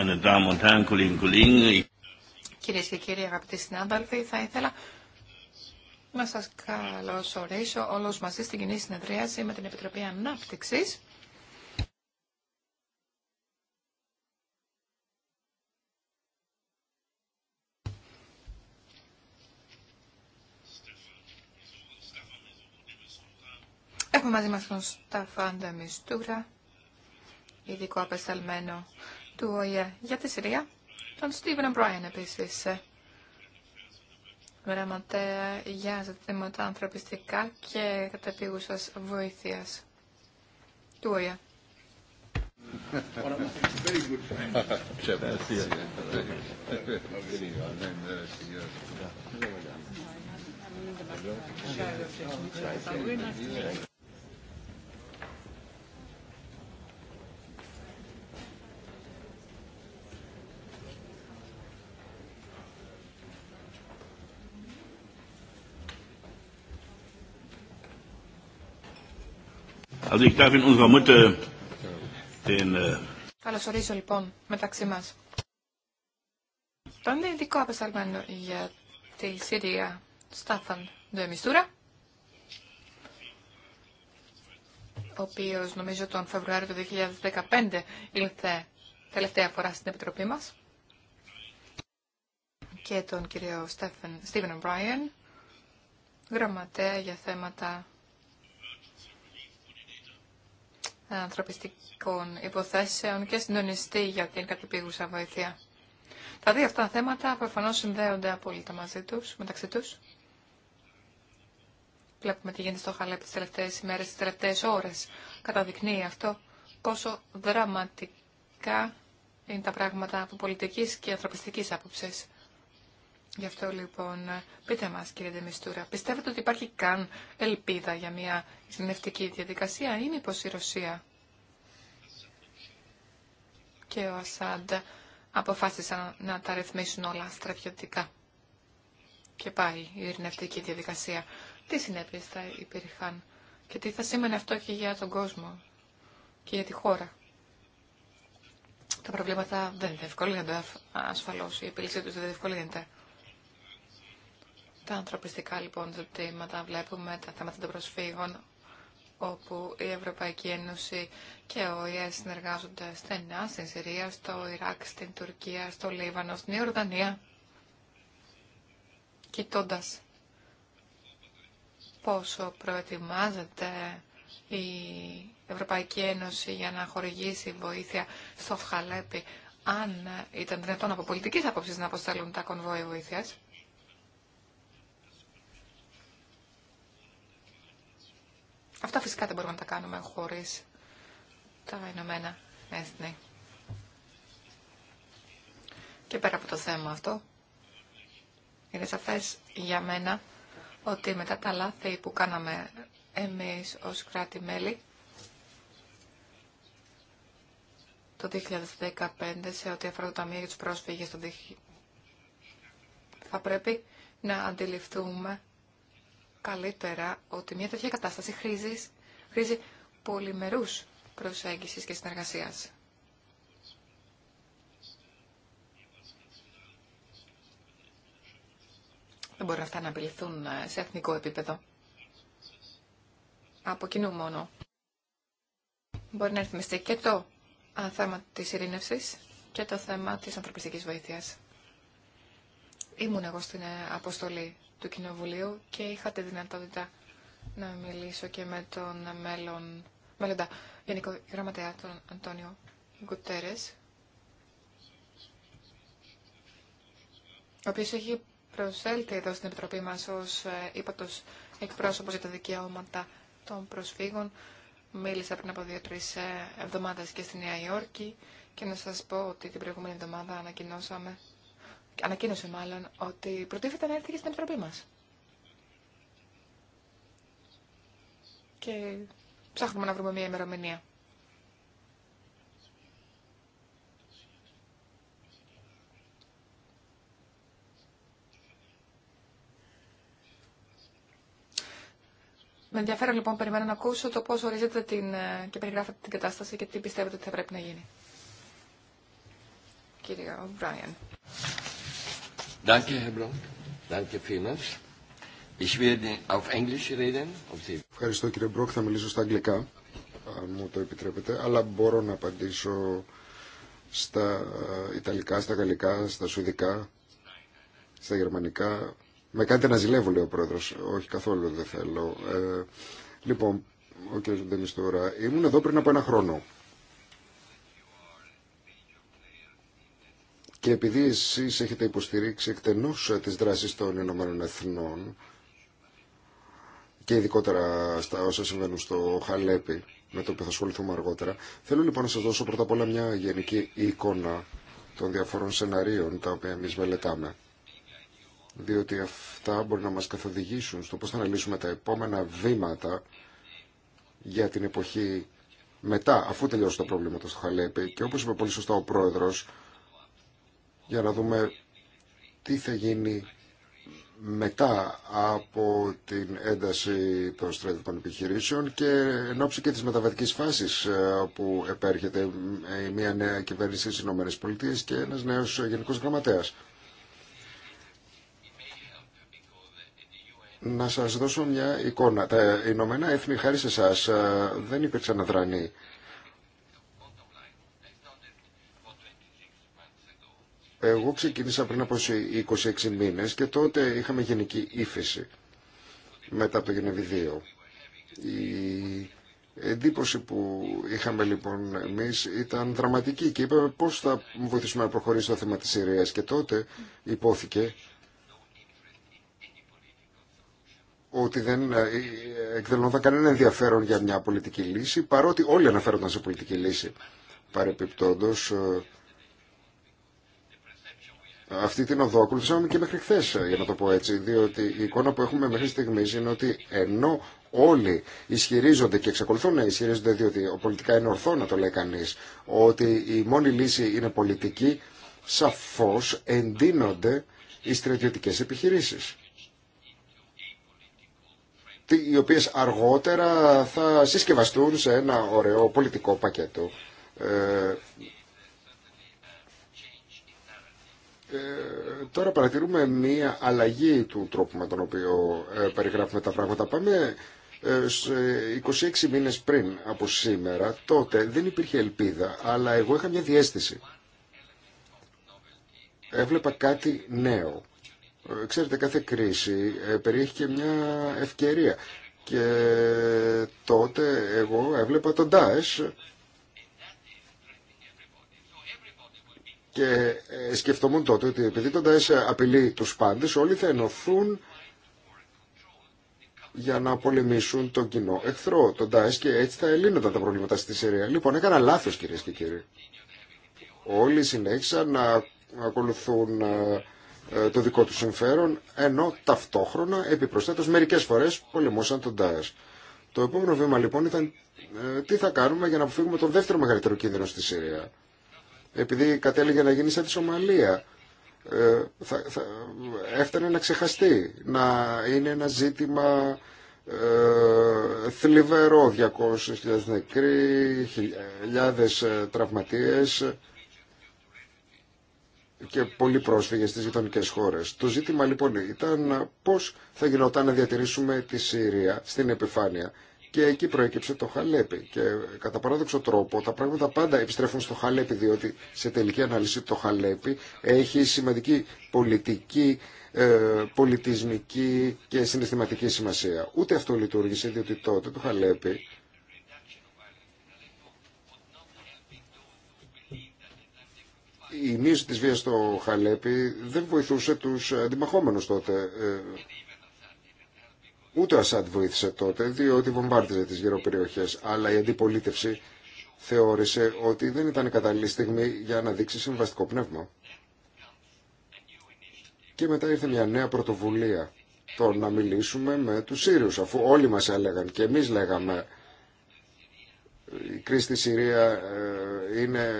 Κυρίε Κυρίες και κύριοι αγαπητοί συνάδελφοι, θα ήθελα να σα καλωσορίσω όλου μαζί στην κοινή συνεδρίαση με την Επιτροπή ανάπτυξη. Έχουμε μαζί μας τον Σταφάν Μιστούρα, ειδικό απεσταλμένο του ΟΗΕ για τη Συρία, τον Στίβεν Μπράιν επίσης, γραμματέα για ζητήματα ανθρωπιστικά και κατεπίγουσα βοήθειας του ΟΗΕ. Also ich äh, Καλωσορίζω λοιπόν μεταξύ μας. Τον ειδικό απεσταλμένο για τη Συρία, Στάφαν Ντοεμιστούρα, ο οποίος νομίζω τον Φεβρουάριο του 2015 ήλθε τελευταία φορά στην Επιτροπή μας και τον κύριο Στίβεν Μπράιεν, γραμματέα για θέματα ανθρωπιστικών υποθέσεων και συντονιστεί για την κατεπίγουσα βοήθεια. Τα δύο αυτά θέματα προφανώ συνδέονται απόλυτα μαζί τους, μεταξύ τους. Βλέπουμε τι γίνεται στο Χαλέπ τις τελευταίες ημέρες, τις τελευταίες ώρες. Καταδεικνύει αυτό πόσο δραματικά είναι τα πράγματα από πολιτικής και ανθρωπιστικής άποψης. Γι' αυτό λοιπόν πείτε μας κύριε Δεμιστούρα, πιστεύετε ότι υπάρχει καν ελπίδα για μια συνευτική διαδικασία ή μήπως η Ρωσία και ο Ασάντ αποφάσισαν να τα ρυθμίσουν όλα στρατιωτικά. Και πάει η ειρηνευτική διαδικασία. Τι συνέπειες θα υπήρχαν και τι θα σήμαινε αυτό και για τον κόσμο και για τη χώρα. Τα προβλήματα δεν διευκολύνονται ασφαλώς, η επίλυση τους δεν διευκολύνεται. Τα ανθρωπιστικά λοιπόν ζητήματα βλέπουμε, τα θέματα των προσφύγων, όπου η Ευρωπαϊκή Ένωση και ο ΙΕ συνεργάζονται στενά στην Συρία, στο Ιράκ, στην Τουρκία, στο Λίβανο, στην Ιορδανία, κοιτώντα πόσο προετοιμάζεται η Ευρωπαϊκή Ένωση για να χορηγήσει βοήθεια στο Χαλέπι, αν ήταν δυνατόν από πολιτική άποψη να αποστέλουν τα κονβόη βοήθειας. Αυτά φυσικά δεν μπορούμε να τα κάνουμε χωρίς τα Ηνωμένα Έθνη. Και πέρα από το θέμα αυτό, είναι σαφές για μένα ότι μετά τα λάθη που κάναμε εμείς ως κράτη-μέλη το 2015 σε ό,τι αφορά το Ταμείο για τους πρόσφυγες θα πρέπει να αντιληφθούμε καλύτερα ότι μια τέτοια κατάσταση χρήζει, χρήζει πολυμερούς προσέγγισης και συνεργασίας. Δεν μπορούν αυτά να απειληθούν ε, σε εθνικό επίπεδο. Από κοινού μόνο. Μπορεί να ρυθμιστεί και το ε, θέμα της ειρήνευσης και το θέμα της ανθρωπιστικής βοήθειας. Ήμουν εγώ στην ε, αποστολή του Κοινοβουλίου και είχατε δυνατότητα να μιλήσω και με τον μέλλον, μέλλοντα Γενικό Γραμματέα, τον Αντώνιο Γκουτέρες, ο οποίος έχει προσέλθει εδώ στην Επιτροπή μας ως ε, ύπατος εκπρόσωπος για τα δικαιώματα των προσφύγων. Μίλησα πριν από δύο-τρεις ε, εβδομάδες και στη Νέα Υόρκη και να σας πω ότι την προηγούμενη εβδομάδα ανακοινώσαμε ανακοίνωσε μάλλον ότι προτίθεται να έρθει και στην Επιτροπή μας. Και ψάχνουμε να βρούμε μια ημερομηνία. Με ενδιαφέρον λοιπόν περιμένω να ακούσω το πώς ορίζετε την, ε, και περιγράφετε την κατάσταση και τι πιστεύετε ότι θα πρέπει να γίνει. Κύριε Ο'Μπράιεν. Danke, Herr Danke Ich werde auf Englisch reden. Ευχαριστώ κύριε Μπρόκ, θα μιλήσω στα αγγλικά, αν μου το επιτρέπετε, αλλά μπορώ να απαντήσω στα ε, ιταλικά, στα γαλλικά, στα σουηδικά, στα γερμανικά. Με κάνετε να ζηλεύω, λέει ο πρόεδρος. Όχι καθόλου, δεν θέλω. Ε, λοιπόν, ο κ. Ντεμιστούρα, ήμουν εδώ πριν από ένα χρόνο Και επειδή εσείς έχετε υποστηρίξει εκτενούς τις δράσεις των Ηνωμένων Εθνών και ειδικότερα στα όσα συμβαίνουν στο Χαλέπι, με το οποίο θα ασχοληθούμε αργότερα, θέλω λοιπόν να σας δώσω πρώτα απ' όλα μια γενική εικόνα των διαφορών σεναρίων τα οποία εμείς μελετάμε. Διότι αυτά μπορεί να μας καθοδηγήσουν στο πώς θα αναλύσουμε τα επόμενα βήματα για την εποχή μετά, αφού τελειώσει το πρόβλημα στο Χαλέπι. Και όπως είπε πολύ σωστά ο πρόεδρος, για να δούμε τι θα γίνει μετά από την ένταση των στρατιωτικών επιχειρήσεων και εν ώψη και της μεταβατικής φάσης ε, που επέρχεται μια νέα κυβέρνηση στις Ηνωμένες Πολιτείες και ένας νέος γενικός γραμματέας. Να σας δώσω μια εικόνα. Τα Ηνωμένα Έθνη, χάρη σε εσά ε, δεν υπήρξαν αδρανοί Εγώ ξεκίνησα πριν από 26 μήνες και τότε είχαμε γενική ύφεση μετά από το Γενεβή 2. Η εντύπωση που είχαμε λοιπόν εμείς ήταν δραματική και είπαμε πώς θα βοηθήσουμε να προχωρήσει το θέμα της Συρίας και τότε υπόθηκε ότι δεν ε, εκδηλωνόταν κανένα ενδιαφέρον για μια πολιτική λύση παρότι όλοι αναφέρονταν σε πολιτική λύση. Παρεπιπτόντως ε, αυτή την οδό ακολουθήσαμε και μέχρι χθε, ε, για να το πω έτσι, διότι η εικόνα που έχουμε μέχρι στιγμή είναι ότι ενώ όλοι ισχυρίζονται και εξακολουθούν να ισχυρίζονται, διότι πολιτικά είναι ορθό να το λέει κανεί, ότι η μόνη λύση είναι πολιτική, σαφώ εντείνονται οι στρατιωτικέ επιχειρήσει οι οποίε αργότερα θα συσκευαστούν σε ένα ωραίο πολιτικό πακέτο ε, Ε, τώρα παρατηρούμε μία αλλαγή του τρόπου με τον οποίο ε, περιγράφουμε τα πράγματα. Πάμε 26 ε, μήνες πριν από σήμερα, τότε δεν υπήρχε ελπίδα, αλλά εγώ είχα μια διέστηση. Έβλεπα κάτι νέο. Ξέρετε, κάθε κρίση περιέχει και μια ευκαιρία. Και τότε εγώ έβλεπα τον Ντάες Και ε, σκεφτόμουν τότε ότι επειδή τον ΝΤΑΕΣ απειλεί τους πάντες, όλοι θα ενωθούν για να πολεμήσουν τον κοινό εχθρό, τον ΤΑΕΣ και έτσι θα ελύνονταν τα προβλήματα στη Συρία. Λοιπόν, έκανα λάθος κυρίε και κύριοι. Όλοι συνέχισαν να ακολουθούν ε, ε, το δικό του συμφέρον, ενώ ταυτόχρονα επιπροσθέτως μερικές φορές πολεμούσαν τον ΤΑΕΣ. Το επόμενο βήμα λοιπόν ήταν τι θα κάνουμε για να αποφύγουμε τον δεύτερο μεγαλύτερο κίνδυνο στη Συρία επειδή κατέληγε να γίνει σαν τη Σομαλία. Ε, θα, θα, έφτανε να ξεχαστεί, να είναι ένα ζήτημα ε, θλιβερό, 200.000 νεκροί, χιλιάδες ε, τραυματίες και πολλοί πρόσφυγες στις γειτονικέ χώρες. Το ζήτημα λοιπόν ήταν πώς θα γινόταν να διατηρήσουμε τη Συρία στην επιφάνεια και εκεί προέκυψε το Χαλέπι. Και κατά παράδοξο τρόπο τα πράγματα πάντα επιστρέφουν στο Χαλέπι, διότι σε τελική ανάλυση το Χαλέπι έχει σημαντική πολιτική, ε, πολιτισμική και συναισθηματική σημασία. Ούτε αυτό λειτουργήσε, διότι τότε το Χαλέπι η μείωση της βίας στο Χαλέπι δεν βοηθούσε τους αντιμαχόμενους τότε. Ε, Ούτε ο Ασάντ βοήθησε τότε, διότι βομβάρτιζε τι γύρω περιοχέ. αλλά η αντιπολίτευση θεώρησε ότι δεν ήταν η κατάλληλη στιγμή για να δείξει συμβαστικό πνεύμα. Και μετά ήρθε μια νέα πρωτοβουλία, το να μιλήσουμε με του Σύριου, αφού όλοι μα έλεγαν και εμεί λέγαμε η κρίση στη Συρία ε, είναι,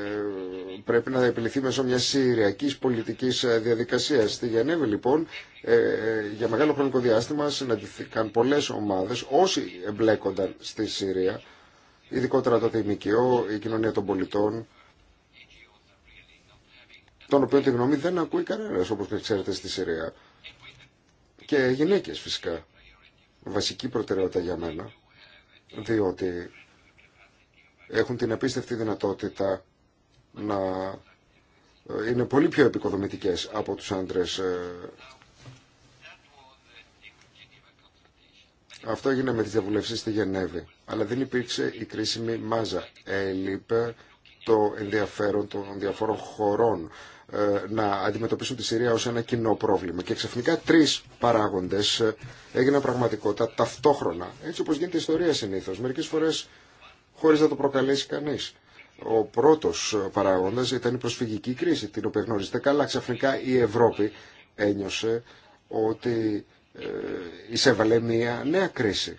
πρέπει να επιληθεί μέσω μιας συριακής πολιτικής ε, διαδικασίας. Στη Γενέβη λοιπόν ε, για μεγάλο χρονικό διάστημα συναντηθήκαν πολλές ομάδες όσοι εμπλέκονταν στη Συρία, ειδικότερα τότε η ΜΚΟ, η κοινωνία των πολιτών, τον οποίο τη γνώμη δεν ακούει κανένας όπως ξέρετε στη Συρία. Και γυναίκες φυσικά. Βασική προτεραιότητα για μένα, διότι έχουν την απίστευτη δυνατότητα να ε, είναι πολύ πιο επικοδομητικές από τους άντρες. Ε. Αυτό έγινε με τις διαβουλεύσεις στη Γενέβη, αλλά δεν υπήρξε η κρίσιμη μάζα. Έλειπε το ενδιαφέρον των διαφόρων χωρών ε, να αντιμετωπίσουν τη Συρία ως ένα κοινό πρόβλημα. Και ξαφνικά τρεις παράγοντες έγιναν πραγματικότητα ταυτόχρονα, έτσι όπως γίνεται η ιστορία συνήθως. Μερικές φορές χωρίς να το προκαλέσει κανείς. Ο πρώτος παράγοντας ήταν η προσφυγική κρίση, την οποία γνωρίζετε καλά. Ξαφνικά η Ευρώπη ένιωσε ότι ε, εισέβαλε μια νέα κρίση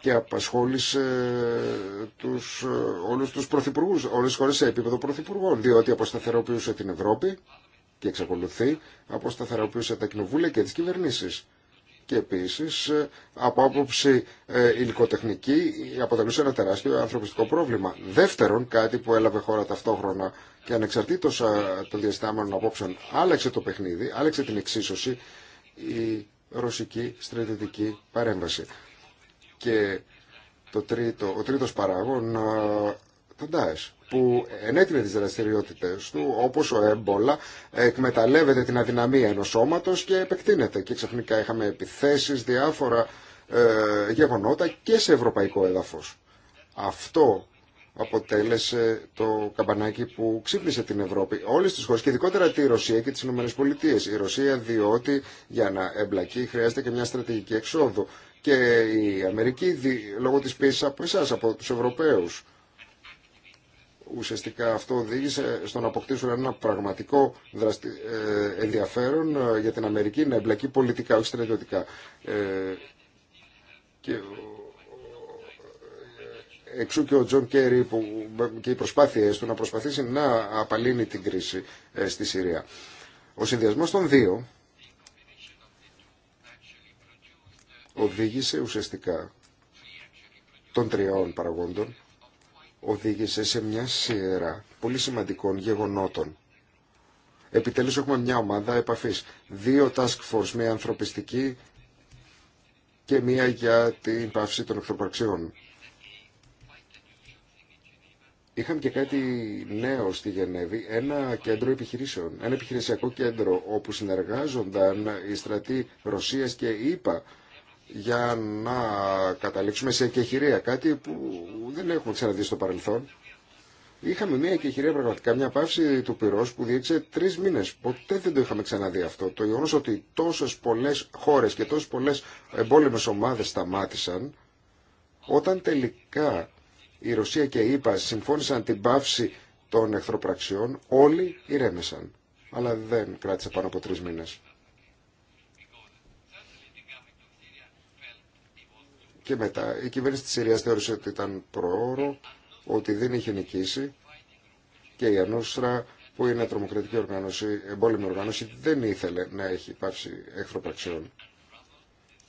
και απασχόλησε ε, τους, ε, όλους τους πρωθυπουργούς, όλες τις χώρες σε επίπεδο πρωθυπουργών, διότι αποσταθεροποιούσε την Ευρώπη και εξακολουθεί, αποσταθεροποιούσε τα κοινοβούλια και τις κυβερνήσεις και επίσης ε, από άποψη ε, υλικοτεχνική αποτελούσε ένα τεράστιο ανθρωπιστικό πρόβλημα. Δεύτερον, κάτι που έλαβε χώρα ταυτόχρονα και ανεξαρτήτως ε, των διαστάμενων απόψεων άλλαξε το παιχνίδι, άλλαξε την εξίσωση η ρωσική στρατιωτική παρέμβαση. Και το τρίτο, ο τρίτος παράγων τον Ντάεσ που ενέτεινε τις δραστηριότητες του όπως ο έμπολα εκμεταλλεύεται την αδυναμία ενός σώματος και επεκτείνεται και ξαφνικά είχαμε επιθέσεις διάφορα ε, γεγονότα και σε ευρωπαϊκό έδαφος. Αυτό αποτέλεσε το καμπανάκι που ξύπνησε την Ευρώπη. Όλες τις χώρες και ειδικότερα τη Ρωσία και τις Ηνωμένες Πολιτείες. Η Ρωσία διότι για να εμπλακεί χρειάζεται και μια στρατηγική εξόδου. Και η Αμερική λόγω της πίεσης από εσάς, από τους Ευρωπαίους ουσιαστικά αυτό οδήγησε στο να αποκτήσουν ένα πραγματικό δραστη... Ε, ενδιαφέρον ε, για την Αμερική να εμπλακεί πολιτικά, όχι στρατιωτικά. Ε, και εξού και ο Τζον Κέρι που, και οι προσπάθειές του να προσπαθήσει να απαλύνει την κρίση στη Συρία. Ο συνδυασμός των δύο οδήγησε ουσιαστικά των τριών παραγόντων οδήγησε σε μια σειρά πολύ σημαντικών γεγονότων. Επιτέλους έχουμε μια ομάδα επαφής. Δύο task force, μια ανθρωπιστική και μία για την πάυση των εχθροπραξιών. Είχαμε και κάτι νέο στη Γενέβη, ένα κέντρο επιχειρήσεων, ένα επιχειρησιακό κέντρο όπου συνεργάζονταν οι στρατοί Ρωσίας και ΙΠΑ για να καταλήξουμε σε εκεχηρία, κάτι που δεν έχουμε ξαναδεί στο παρελθόν. Είχαμε μια εκεχηρία πραγματικά, μια πάυση του πυρός που διήρξε τρει μήνες. Ποτέ δεν το είχαμε ξαναδεί αυτό. Το γεγονό ότι τόσες πολλές χώρες και τόσε πολλές εμπόλεμε ομάδες σταμάτησαν, όταν τελικά η Ρωσία και η ΕΠΑ συμφώνησαν την πάυση των εχθροπραξιών, όλοι ηρέμησαν. Αλλά δεν κράτησε πάνω από τρει μήνε. Και μετά η κυβέρνηση της Συρίας θεώρησε ότι ήταν προώρο, ότι δεν είχε νικήσει και η Ανούστρα που είναι τρομοκρατική οργάνωση, εμπόλεμη οργάνωση, δεν ήθελε να έχει υπάρξει εχθροπραξιών.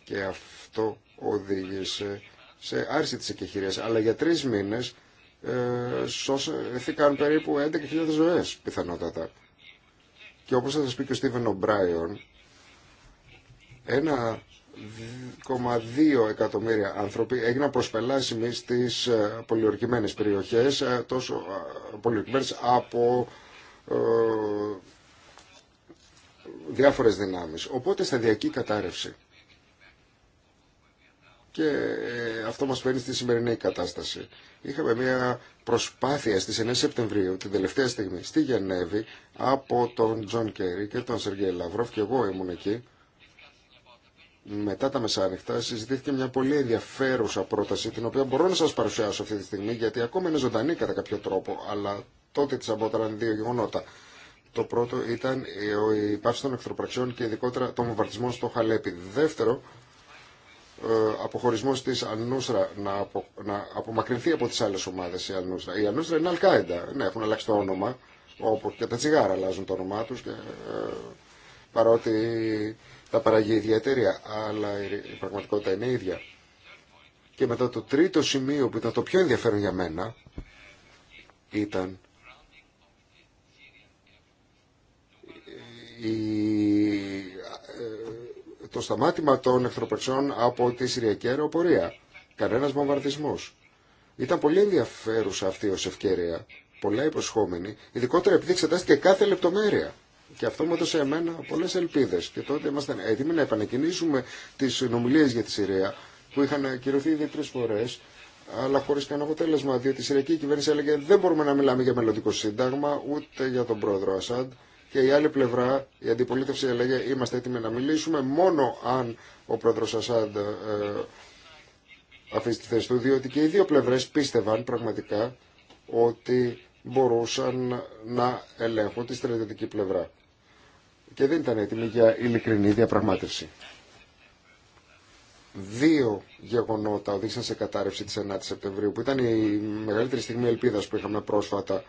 Και αυτό οδήγησε σε άρση της εκεχηρίας. Αλλά για τρεις μήνες ε, σώθηκαν περίπου 11.000 ζωές πιθανότατα. Και όπως θα σας πει και ο Στίβεν Ομπράιον, ένα 2,2 εκατομμύρια άνθρωποι έγιναν προσπελάσιμοι στις ε, πολιορκημένες περιοχές, ε, τόσο ε, πολιορκημένες από ε, διάφορες δυνάμεις. Οπότε σταδιακή κατάρρευση. Και αυτό μας φέρνει στη σημερινή κατάσταση. Είχαμε μια προσπάθεια στις 9 Σεπτεμβρίου, την τελευταία στιγμή, στη Γενέβη, από τον Τζον Κέρι και τον Σεργέ Λαυρόφ, και εγώ ήμουν εκεί, μετά τα μεσάνυχτα συζητήθηκε μια πολύ ενδιαφέρουσα πρόταση την οποία μπορώ να σας παρουσιάσω αυτή τη στιγμή γιατί ακόμα είναι ζωντανή κατά κάποιο τρόπο αλλά τότε της αμπόταραν δύο γεγονότα. Το πρώτο ήταν η πάυση των εχθροπραξιών και ειδικότερα των βαρτισμών στο Χαλέπι. Δεύτερο, ε, αποχωρισμός της Ανούσρα να, απο, να απομακρυνθεί από τις άλλες ομάδες η Ανούσρα. Η Ανούσρα είναι Αλκάιντα, ναι, έχουν αλλάξει το όνομα, Όπου και τα τσιγάρα αλλάζουν το όνομά τους και, ε, παρότι τα παράγει ιδιαίτερη, αλλά η πραγματικότητα είναι ίδια. Και μετά το τρίτο σημείο που ήταν το πιο ενδιαφέρον για μένα ήταν η... Ε, το σταμάτημα των εχθροπερσών από τη Συριακή αεροπορία. Κανένας βομβαρδισμός. Ήταν πολύ ενδιαφέρουσα αυτή ως ευκαιρία, πολλά υποσχόμενη, ειδικότερα επειδή εξετάστηκε κάθε λεπτομέρεια. Και αυτό μου έδωσε εμένα πολλέ ελπίδε. Και τότε ήμασταν έτοιμοι να επανεκκινήσουμε τι συνομιλίε για τη Συρία που είχαν ακυρωθεί ήδη τρει φορέ αλλά χωρί κανένα αποτέλεσμα. Διότι η Συριακή κυβέρνηση έλεγε δεν μπορούμε να μιλάμε για μελλοντικό σύνταγμα ούτε για τον πρόεδρο Ασάντ. Και η άλλη πλευρά, η αντιπολίτευση έλεγε είμαστε έτοιμοι να μιλήσουμε μόνο αν ο πρόεδρο Ασάντ ε, αφήσει τη θέση του, διότι και οι δύο πλευρές πίστευαν πραγματικά ότι μπορούσαν να ελέγχουν τη στρατιωτική πλευρά και δεν ήταν έτοιμη για ειλικρινή διαπραγμάτευση. Δύο γεγονότα οδήγησαν σε κατάρρευση τη 9η Σεπτεμβρίου, που ήταν η μεγαλύτερη στιγμή ελπίδα που είχαμε πρόσφατα.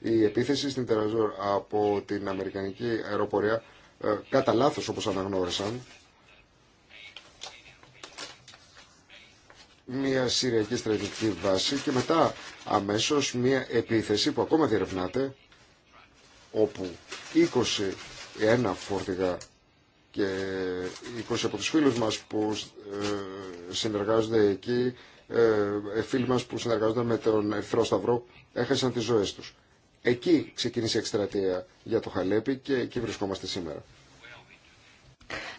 Η επίθεση στην Τεραζόρ από την Αμερικανική αεροπορία, ε, κατά λάθο όπω αναγνώρισαν, μια Συριακή στρατιωτική βάση και μετά αμέσως μια επίθεση που ακόμα διερευνάται όπου ένα φόρτηγα και 20 από τους φίλους μας που ε, συνεργάζονται εκεί, ε, ε, φίλοι μας που συνεργάζονται με τον Ερθρό Σταυρό, έχασαν τις ζωές τους. Εκεί ξεκίνησε η εκστρατεία για το Χαλέπι και εκεί βρισκόμαστε σήμερα.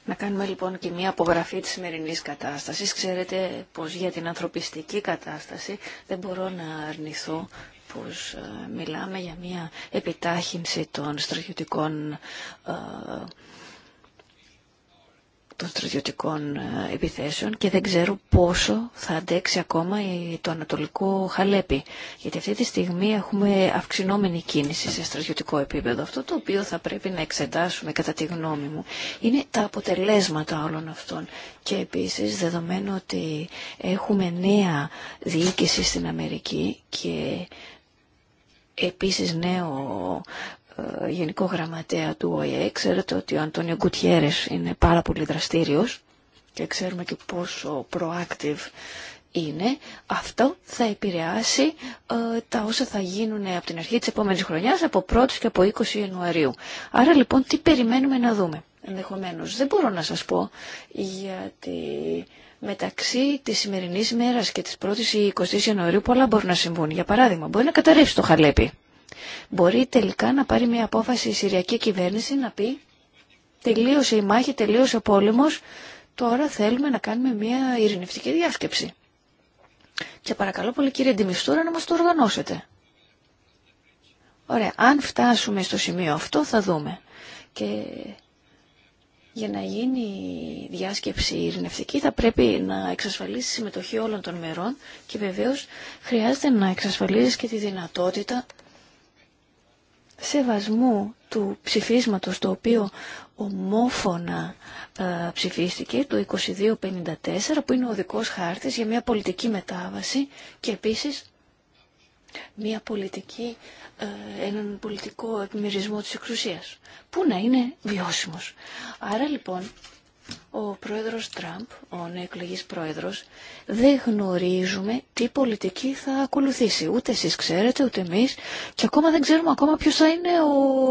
Να κάνουμε λοιπόν και μια απογραφή της σημερινής κατάστασης. Ξέρετε πως για την ανθρωπιστική κατάσταση δεν μπορώ να αρνηθώ όπως ε, μιλάμε για μια επιτάχυνση των στρατιωτικών ε, των στρατιωτικών ε, επιθέσεων και δεν ξέρω πόσο θα αντέξει ακόμα το Ανατολικό Χαλέπι. Γιατί αυτή τη στιγμή έχουμε αυξηνόμενη κίνηση σε στρατιωτικό επίπεδο. Αυτό το οποίο θα πρέπει να εξετάσουμε κατά τη γνώμη μου είναι τα αποτελέσματα όλων αυτών. Και επίσης δεδομένου ότι έχουμε νέα διοίκηση στην Αμερική και επίσης νέο ε, γενικό γραμματέα του ΟΕΕ Ξέρετε ότι ο Αντώνιο Γκουτιέρες είναι πάρα πολύ δραστήριος και ξέρουμε και πόσο proactive είναι. Αυτό θα επηρεάσει ε, τα όσα θα γίνουν από την αρχή της επόμενης χρονιάς, από 1η και από 20 Ιανουαρίου. Άρα λοιπόν τι περιμένουμε να δούμε. Ενδεχομένως δεν μπορώ να σας πω γιατί μεταξύ της σημερινής ημέρας και της 1 η 20ης η ιανουαριου πολλά μπορούν να συμβούν. Για παράδειγμα, μπορεί να καταρρεύσει το χαλέπι. Μπορεί τελικά να πάρει μια απόφαση η Συριακή κυβέρνηση να πει τελείωσε η μάχη, τελείωσε ο πόλεμος, τώρα θέλουμε να κάνουμε μια ειρηνευτική διάσκεψη. Και παρακαλώ πολύ κύριε Ντιμιστούρα να μας το οργανώσετε. Ωραία, αν φτάσουμε στο σημείο αυτό θα δούμε. Και για να γίνει διάσκεψη ειρηνευτική θα πρέπει να εξασφαλίσει συμμετοχή όλων των μερών και βεβαίως χρειάζεται να εξασφαλίσει και τη δυνατότητα σεβασμού του ψηφίσματος το οποίο ομόφωνα ε, ψηφίστηκε το 2254 που είναι ο δικός χάρτης για μια πολιτική μετάβαση και επίσης μια πολιτική, ε, έναν πολιτικό επιμερισμό της εξουσίας, που να είναι βιώσιμος. Άρα λοιπόν ο πρόεδρος Τραμπ, ο νεεκλεγής πρόεδρος, δεν γνωρίζουμε τι πολιτική θα ακολουθήσει. Ούτε εσείς ξέρετε, ούτε εμείς και ακόμα δεν ξέρουμε ακόμα ποιος θα είναι ο,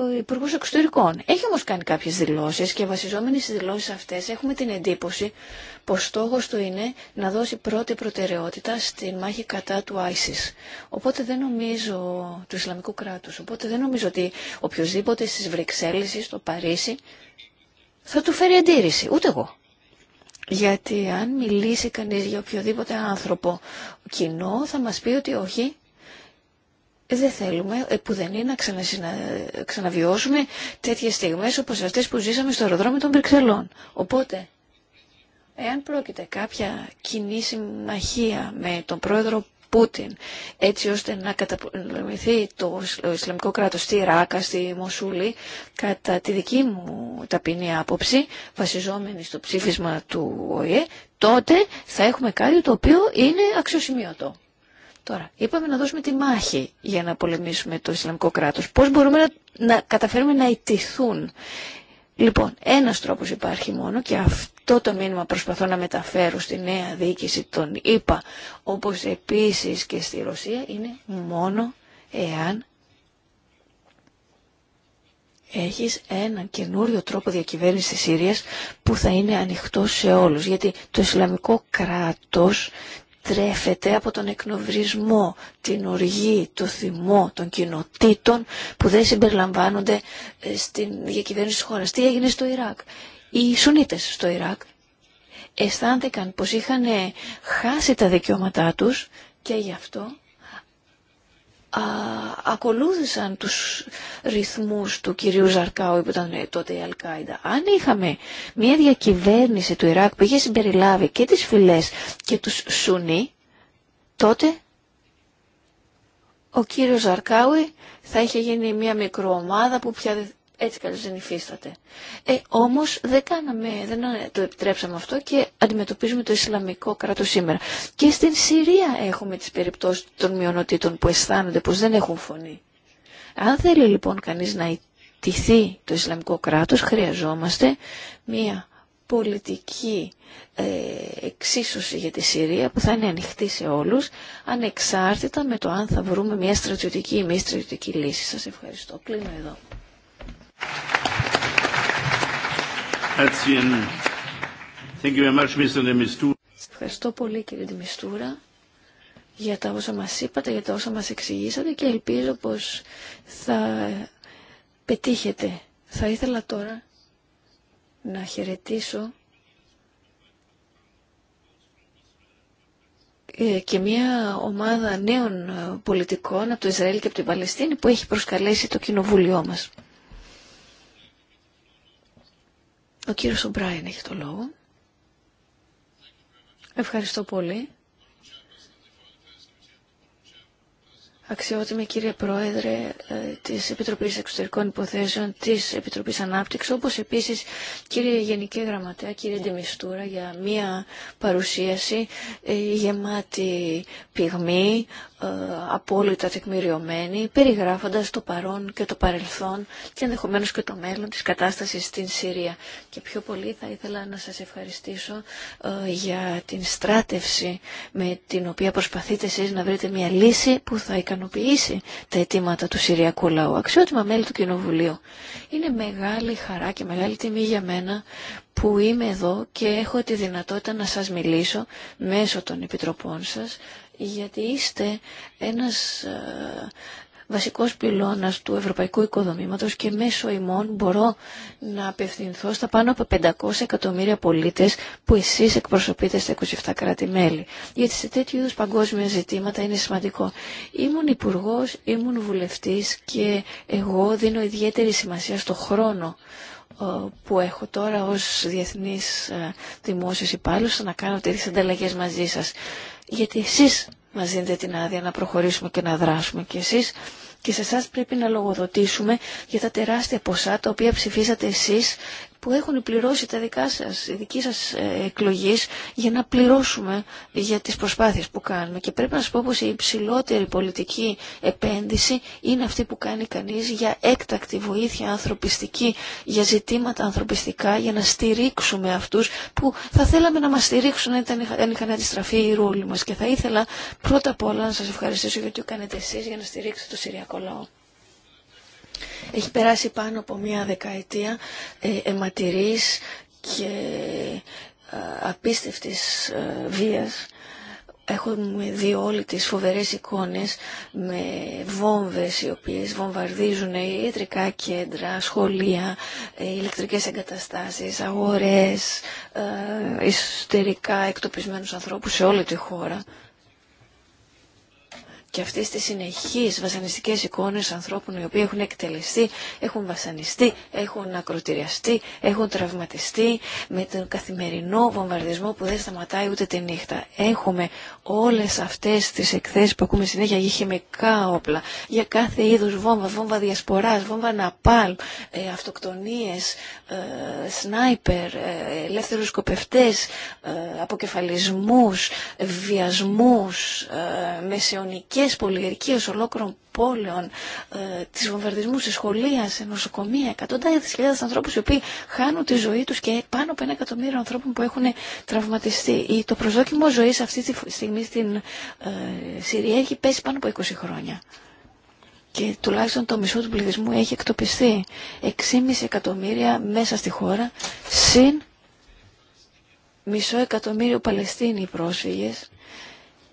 ο Υπουργός Εξωτερικών. Έχει όμως κάνει κάποιες δηλώσεις και βασιζόμενοι στις δηλώσεις αυτές έχουμε την εντύπωση πως στόχος του είναι να δώσει πρώτη προτεραιότητα στην μάχη κατά του ISIS. Οπότε δεν νομίζω του Ισλαμικού κράτους. Οπότε δεν νομίζω ότι οποιοδήποτε στις Βρυξέλλες ή στο Παρίσι θα του φέρει αντίρρηση. Ούτε εγώ. Γιατί αν μιλήσει κανείς για οποιοδήποτε άνθρωπο κοινό θα μας πει ότι όχι, δεν θέλουμε ε, που δεν είναι να ξαναβιώσουμε τέτοιες στιγμές όπως αυτές που ζήσαμε στο αεροδρόμιο των Βρυξελών. Οπότε, εάν πρόκειται κάποια κοινή συμμαχία με τον πρόεδρο Πούτιν έτσι ώστε να καταπολεμηθεί το Ισλαμικό κράτος στη Ράκα, στη Μοσούλη κατά τη δική μου ταπεινή άποψη βασιζόμενη στο ψήφισμα του ΟΗΕ τότε θα έχουμε κάτι το οποίο είναι αξιοσημείωτο. Τώρα, είπαμε να δώσουμε τη μάχη για να πολεμήσουμε το Ισλαμικό κράτος. Πώς μπορούμε να, να καταφέρουμε να ιτηθούν Λοιπόν, ένας τρόπος υπάρχει μόνο και αυτό το μήνυμα προσπαθώ να μεταφέρω στη νέα διοίκηση των ΗΠΑ, όπως επίσης και στη Ρωσία, είναι μόνο εάν έχεις ένα καινούριο τρόπο διακυβέρνησης της Συρίας που θα είναι ανοιχτό σε όλους. Γιατί το Ισλαμικό κράτος τρέφεται από τον εκνοβρισμό, την οργή, το θυμό των κοινοτήτων που δεν συμπεριλαμβάνονται ε, στην διακυβέρνηση της χώρας. Τι έγινε στο Ιράκ. Οι Σουνίτες στο Ιράκ αισθάνθηκαν πως είχαν χάσει τα δικαιώματά τους και γι' αυτό ακολούθησαν τους ρυθμούς του κυρίου Ζαρκάου που ήταν τότε η Αλκάιντα. Αν είχαμε μια διακυβέρνηση του Ιράκ που είχε συμπεριλάβει και τις φυλές και τους Σουνί, τότε ο κύριος Ζαρκάουι θα είχε γίνει μια μικροομάδα που πια έτσι καλώς δεν υφίσταται. Ε, όμως δεν, κάναμε, δεν ε, το επιτρέψαμε αυτό και αντιμετωπίζουμε το Ισλαμικό κράτο σήμερα. Και στην Συρία έχουμε τις περιπτώσεις των μειονοτήτων που αισθάνονται πως δεν έχουν φωνή. Αν θέλει λοιπόν κανείς να ιτηθεί το Ισλαμικό κράτος, χρειαζόμαστε μία πολιτική ε, εξίσωση για τη Συρία που θα είναι ανοιχτή σε όλους ανεξάρτητα με το αν θα βρούμε μια στρατιωτική ή μη στρατιωτική λύση. Σας ευχαριστώ. Κλείνω εδώ. Ευχαριστώ πολύ κύριε Δημιστούρα για τα όσα μας είπατε, για τα όσα μας εξηγήσατε και ελπίζω πως θα πετύχετε. Θα ήθελα τώρα να χαιρετήσω ε, και μια ομάδα νέων ε, πολιτικών από το Ισραήλ και από την Παλαιστίνη που έχει προσκαλέσει το κοινοβούλιο μας. Ο κύριος Ομπράιν έχει το λόγο. Ευχαριστώ πολύ. Αξιότιμη κύριε Πρόεδρε ε, της Επιτροπής Εξωτερικών Υποθέσεων, της Επιτροπής Ανάπτυξης, όπως επίσης κύριε Γενική Γραμματέα, κύριε Ντιμιστούρα, για μία παρουσίαση ε, γεμάτη πυγμή, ε, απόλυτα τεκμηριωμένη, περιγράφοντας το παρόν και το παρελθόν και ενδεχομένως και το μέλλον της κατάστασης στην Συρία. Και πιο πολύ θα ήθελα να σας ευχαριστήσω για την στράτευση με την οποία προσπαθείτε εσείς να βρείτε μια λύση που θα ικανοποιήσει τα αιτήματα του Συριακού λαού. Αξιότιμα μέλη του Κοινοβουλίου. Είναι μεγάλη χαρά και μεγάλη τιμή για μένα που είμαι εδώ και έχω τη δυνατότητα να σας μιλήσω μέσω των επιτροπών σας γιατί είστε ένας ε, βασικός πυλώνας του ευρωπαϊκού οικοδομήματος και μέσω ημών μπορώ να απευθυνθώ στα πάνω από 500 εκατομμύρια πολίτες που εσείς εκπροσωπείτε στα 27 κράτη-μέλη. Γιατί σε τέτοιου είδους παγκόσμια ζητήματα είναι σημαντικό. Ήμουν υπουργό, ήμουν βουλευτής και εγώ δίνω ιδιαίτερη σημασία στο χρόνο ε, που έχω τώρα ως διεθνής ε, δημόσιος υπάλληλος να κάνω τέτοιες ανταλλαγές μαζί σας. Γιατί εσείς μας δίνετε την άδεια να προχωρήσουμε και να δράσουμε κι εσείς και σε εσά πρέπει να λογοδοτήσουμε για τα τεράστια ποσά τα οποία ψηφίσατε εσείς που έχουν πληρώσει τα δικά σας, η δική σας ε, εκλογής για να πληρώσουμε για τις προσπάθειες που κάνουμε. Και πρέπει να σας πω πως η υψηλότερη πολιτική επένδυση είναι αυτή που κάνει κανείς για έκτακτη βοήθεια ανθρωπιστική, για ζητήματα ανθρωπιστικά, για να στηρίξουμε αυτούς που θα θέλαμε να μας στηρίξουν αν είχαν αντιστραφεί οι ρόλοι μας. Και θα ήθελα πρώτα απ' όλα να σας ευχαριστήσω γιατί το κάνετε εσείς για να στηρίξετε το Συριακό λαό. Έχει περάσει πάνω από μία δεκαετία ε, αιματηρής και ε, απίστευτης ε, βίας. Έχουμε δει όλοι τις φοβερές εικόνες με βόμβες οι οποίες βομβαρδίζουν ιατρικά κέντρα, σχολεία, ηλεκτρικές εγκαταστάσεις, αγορές, εσωτερικά εκτοπισμένους ανθρώπους σε όλη τη χώρα και αυτές τις συνεχείς βασανιστικές εικόνες ανθρώπων οι οποίοι έχουν εκτελεστεί, έχουν βασανιστεί, έχουν ακροτηριαστεί, έχουν τραυματιστεί με τον καθημερινό βομβαρδισμό που δεν σταματάει ούτε τη νύχτα. Έχουμε όλες αυτές τις εκθέσεις που ακούμε συνέχεια για χημικά όπλα, για κάθε είδους βόμβα, βόμβα διασποράς, βόμβα ναπάλ, ε, αυτοκτονίες, ε, σνάιπερ, ε, ελεύθερους σκοπευτές, ε, αποκεφαλισμούς, βιασμούς, ε, μεσαιωνικές ολόκληρων πόλεων, ε, τις σε σχολεία, σε νοσοκομεία, εκατοντάδες χιλιάδες ανθρώπους οι οποίοι χάνουν τη ζωή τους και πάνω από ένα εκατομμύριο ανθρώπων που έχουν τραυματιστεί. Το προσδόκιμο ζωή, αυτή τη στιγμή στην ε, Συρία έχει πέσει πάνω από 20 χρόνια και τουλάχιστον το μισό του πληθυσμού έχει εκτοπιστεί. 6,5 εκατομμύρια μέσα στη χώρα, συν μισό εκατομμύριο Παλαιστίνοι πρόσφυγες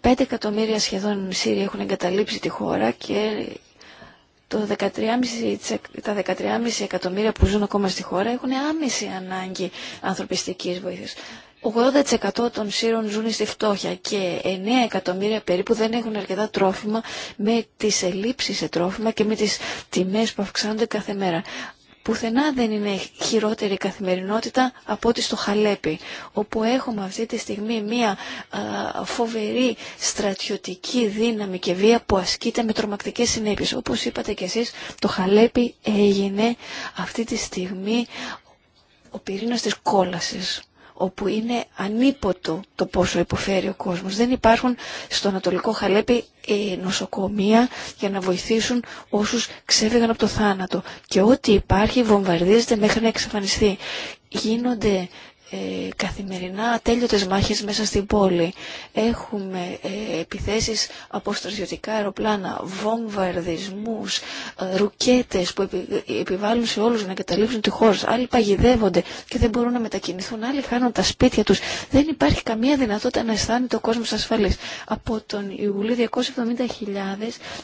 5 εκατομμύρια σχεδόν Σύριοι έχουν εγκαταλείψει τη χώρα και το 13,5, τα 13,5 εκατομμύρια που ζουν ακόμα στη χώρα έχουν άμεση ανάγκη ανθρωπιστικής βοήθειας. 80% των Σύρων ζουν στη φτώχεια και 9 εκατομμύρια περίπου δεν έχουν αρκετά τρόφιμα με τις ελλείψεις σε τρόφιμα και με τις τιμές που αυξάνονται κάθε μέρα. Πουθενά δεν είναι χειρότερη η καθημερινότητα από ό,τι στο Χαλέπι, όπου έχουμε αυτή τη στιγμή μία φοβερή στρατιωτική δύναμη και βία που ασκείται με τρομακτικές συνέπειες. Όπως είπατε κι εσείς, το Χαλέπι έγινε αυτή τη στιγμή ο πυρήνας της κόλασης όπου είναι ανίποτο το πόσο υποφέρει ο κόσμος. Δεν υπάρχουν στο Ανατολικό Χαλέπι ε, νοσοκομεία για να βοηθήσουν όσους ξέφυγαν από το θάνατο. Και ό,τι υπάρχει βομβαρδίζεται μέχρι να εξαφανιστεί. Γίνονται ε, καθημερινά ατέλειωτες μάχες μέσα στην πόλη. Έχουμε ε, επιθέσεις από στρατιωτικά αεροπλάνα, βομβαρδισμούς, ε, ρουκέτες που επιβάλλουν σε όλους να καταλήψουν τη χώρα. Άλλοι παγιδεύονται και δεν μπορούν να μετακινηθούν, άλλοι χάνουν τα σπίτια τους. Δεν υπάρχει καμία δυνατότητα να αισθάνεται ο κόσμος ασφαλής. Από τον Ιουλίου 270.000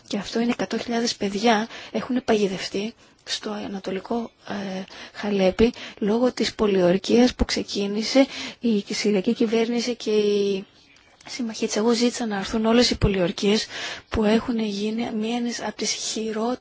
και αυτό είναι 100.000 παιδιά έχουν παγιδευτεί στο Ανατολικό ε, Χαλέπι λόγω της πολιορκίας που ξεκίνησε η Συριακή κυβέρνηση και η συμμαχίτσα. Εγώ ζήτησα να έρθουν όλες οι πολιορκίες που έχουν γίνει μία από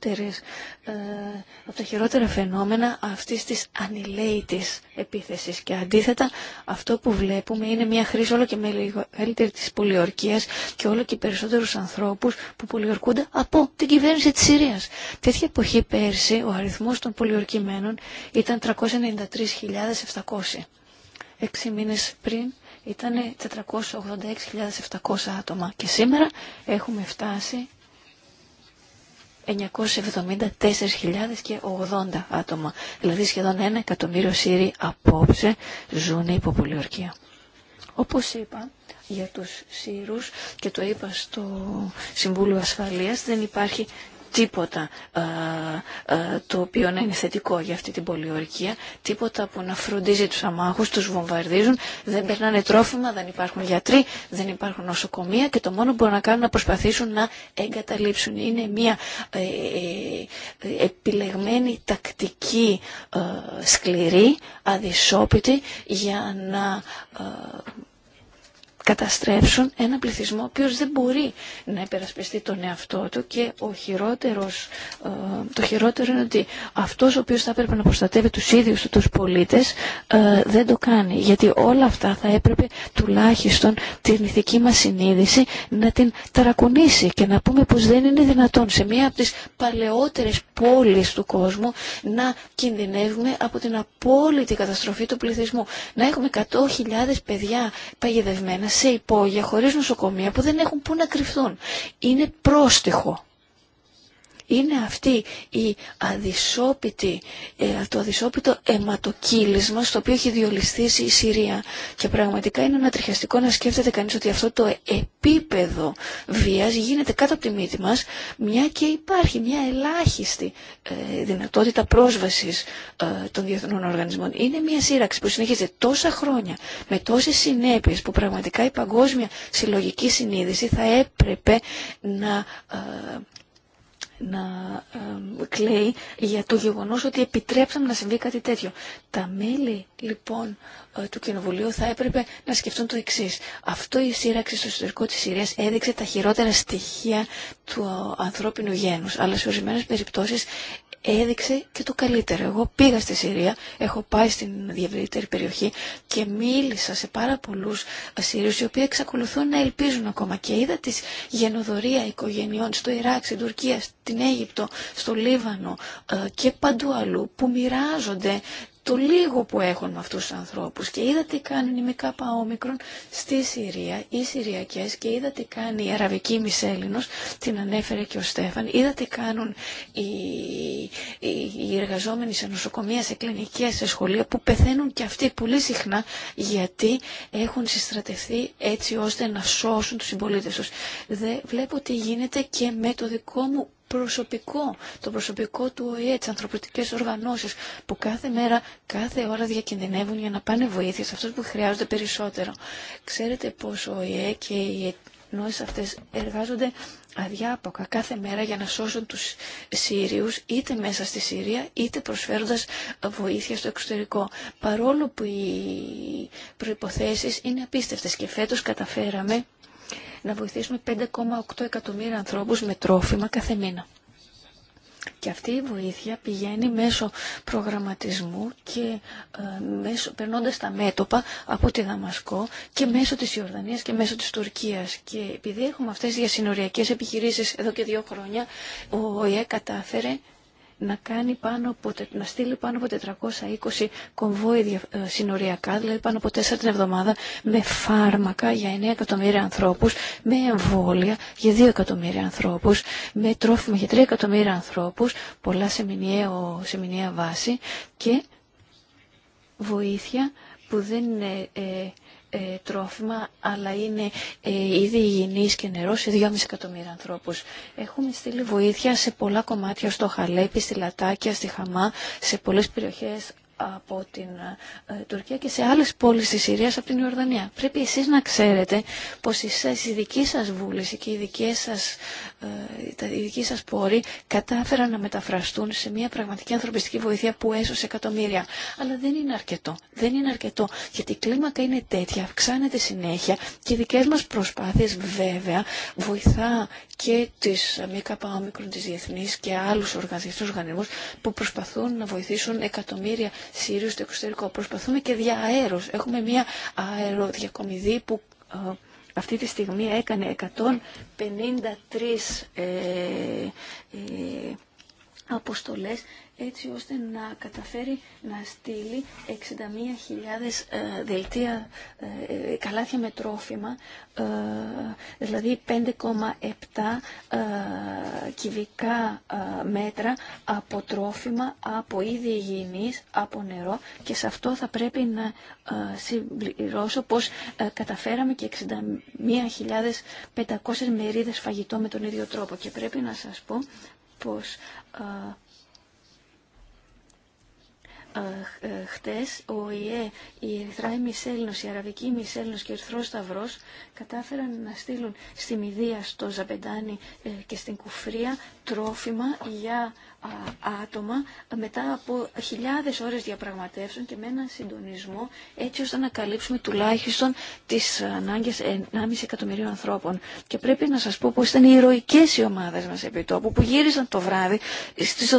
ε, από τα χειρότερα φαινόμενα αυτής της ανηλέητης επίθεσης. Και αντίθετα αυτό που βλέπουμε είναι μία χρήση όλο και μεγαλύτερη της πολιορκίας και όλο και περισσότερους ανθρώπους που πολιορκούνται από την κυβέρνηση της Συρίας. Τέτοια εποχή πέρσι ο αριθμός των πολιορκημένων ήταν 393.700. Έξι μήνες πριν ήταν 486.700 άτομα και σήμερα έχουμε φτάσει 974.080 άτομα. Δηλαδή σχεδόν ένα εκατομμύριο Σύριοι απόψε ζουν υπό πολιορκία. Όπως είπα για τους Σύρους και το είπα στο Συμβούλιο Ασφαλείας δεν υπάρχει τίποτα ε, ε, το οποίο να είναι θετικό για αυτή την πολιορκία, τίποτα που να φροντίζει τους αμάχους, τους βομβαρδίζουν, δεν περνάνε τρόφιμα, δεν υπάρχουν γιατροί, δεν υπάρχουν νοσοκομεία και το μόνο που μπορούν να κάνουν να προσπαθήσουν να εγκαταλείψουν. Είναι μια ε, επιλεγμένη τακτική σκληρή, αδυσόπιτη για να καταστρέψουν ένα πληθυσμό ο οποίος δεν μπορεί να υπερασπιστεί τον εαυτό του και ο χειρότερος, ε, το χειρότερο είναι ότι αυτός ο οποίος θα έπρεπε να προστατεύει τους ίδιους του τους πολίτες ε, δεν το κάνει γιατί όλα αυτά θα έπρεπε τουλάχιστον την ηθική μας συνείδηση να την ταρακουνήσει και να πούμε πως δεν είναι δυνατόν σε μία από τις παλαιότερες πόλεις του κόσμου να κινδυνεύουμε από την απόλυτη καταστροφή του πληθυσμού. Να έχουμε 100.000 παιδιά παγιδευμένα σε υπόγεια, χωρίς νοσοκομεία που δεν έχουν πού να κρυφθούν. Είναι πρόστιχο είναι αυτή η αδυσόπιτη, ε, το αδυσόπιτο αιματοκύλισμα στο οποίο έχει διολυστήσει η Συρία. Και πραγματικά είναι ανατριχιαστικό να σκέφτεται κανείς ότι αυτό το επίπεδο βίας γίνεται κάτω από τη μύτη μας, μια και υπάρχει μια ελάχιστη ε, δυνατότητα πρόσβασης ε, των διεθνών οργανισμών. Είναι μια σύραξη που συνεχίζεται τόσα χρόνια με τόσες συνέπειες που πραγματικά η παγκόσμια συλλογική συνείδηση θα έπρεπε να να ε, κλαίει για το γεγονός ότι επιτρέψαμε να συμβεί κάτι τέτοιο. Τα μέλη λοιπόν ε, του Κοινοβουλίου θα έπρεπε να σκεφτούν το εξή. Αυτό η σύραξη στο εσωτερικό της Συρίας έδειξε τα χειρότερα στοιχεία του ανθρώπινου γένους, αλλά σε ορισμένε περιπτώσεις έδειξε και το καλύτερο. Εγώ πήγα στη Συρία, έχω πάει στην διευρύτερη περιοχή και μίλησα σε πάρα πολλού Σύριου, οι οποίοι εξακολουθούν να ελπίζουν ακόμα και είδα τη γενοδορία οικογενειών στο Ιράκ, στην Τουρκία, στην Αίγυπτο, στο Λίβανο ε, και παντού αλλού που μοιράζονται το λίγο που έχουν με αυτούς τους ανθρώπους και είδα τι κάνουν οι παόμικρον στη Συρία, οι Συριακές και είδα τι κάνει η Αραβική Μισέλινος, την ανέφερε και ο Στέφαν, είδα τι κάνουν οι, οι, εργαζόμενοι σε νοσοκομεία, σε κλινικές, σε σχολεία που πεθαίνουν και αυτοί πολύ συχνά γιατί έχουν συστρατευτεί έτσι ώστε να σώσουν τους συμπολίτες τους. βλέπω τι γίνεται και με το δικό μου προσωπικό, το προσωπικό του ΟΗΕ, τι ανθρωπιστικέ οργανώσει που κάθε μέρα, κάθε ώρα διακινδυνεύουν για να πάνε βοήθεια σε αυτού που χρειάζονται περισσότερο. Ξέρετε πω ο ΟΗΕ και οι ενώσει αυτέ εργάζονται αδιάποκα κάθε μέρα για να σώσουν τους Σύριους είτε μέσα στη Συρία είτε προσφέροντας βοήθεια στο εξωτερικό. Παρόλο που οι προϋποθέσεις είναι απίστευτες και φέτος καταφέραμε να βοηθήσουμε 5,8 εκατομμύρια ανθρώπους με τρόφιμα κάθε μήνα. Και αυτή η βοήθεια πηγαίνει μέσω προγραμματισμού και ε, μέσω, περνώντας τα μέτωπα από τη Δαμασκό και μέσω της Ιορδανίας και μέσω της Τουρκίας. Και επειδή έχουμε αυτές τις διασυνοριακές επιχειρήσεις εδώ και δύο χρόνια, ο ΟΗΕ κατάφερε να, κάνει πάνω από, να στείλει πάνω από 420 κομβόι ε, συνοριακά, δηλαδή πάνω από 4 την εβδομάδα, με φάρμακα για 9 εκατομμύρια ανθρώπους, με εμβόλια για 2 εκατομμύρια ανθρώπους, με τρόφιμα για 3 εκατομμύρια ανθρώπους, πολλά σε μηνιαίο, σε μηνιαία βάση και βοήθεια που δεν είναι... Ε, ε, τρόφιμα, αλλά είναι ε, ήδη υγιεινής και νερό σε 2,5 εκατομμύρια ανθρώπους. Έχουμε στείλει βοήθεια σε πολλά κομμάτια, στο Χαλέπι, στη Λατάκια, στη Χαμά, σε πολλές περιοχές από την ε, Τουρκία και σε άλλες πόλεις της Συρίας από την Ιορδανία. Πρέπει εσείς να ξέρετε πως η δική σας βούληση και οι δικέ σας, ε, τα δικοί σας πόροι κατάφεραν να μεταφραστούν σε μια πραγματική ανθρωπιστική βοήθεια που έσωσε εκατομμύρια. Αλλά δεν είναι αρκετό. Δεν είναι αρκετό γιατί η κλίμακα είναι τέτοια, αυξάνεται συνέχεια και οι δικές μας προσπάθειες βέβαια βοηθά και τις ΜΚΟ, τη Διεθνής και άλλους οργανισμούς που προσπαθούν να βοηθήσουν εκατομμύρια Σύριου στο εξωτερικό. Προσπαθούμε και δια αέρος. Έχουμε μια αεροδιακομιδή που ε, αυτή τη στιγμή έκανε 153 ε, ε, αποστολές έτσι ώστε να καταφέρει να στείλει 61.000 ε, δελτία ε, καλάθια με τρόφιμα, ε, δηλαδή 5,7 κυβικά μέτρα από τρόφιμα, από είδη υγιεινής, από νερό και σε αυτό θα πρέπει να συμπληρώσω πως καταφέραμε και 61.500 μερίδες φαγητό με τον ίδιο τρόπο και πρέπει να σας πω πως ε, χτες ο ΙΕ η Ερυθράη Μισέλνος, η Αραβική Μισέλνος και ο Ερυθρός Σταυρός κατάφεραν να στείλουν στη Μηδία, στο Ζαμπεντάνι ε, και στην Κουφρία τρόφιμα για άτομα μετά από χιλιάδες ώρες διαπραγματεύσεων και με έναν συντονισμό έτσι ώστε να καλύψουμε τουλάχιστον τις ανάγκες 1,5 εκατομμυρίων ανθρώπων. Και πρέπει να σας πω πως ήταν ηρωικές οι ομάδες μας επί τόπου που γύρισαν το βράδυ στις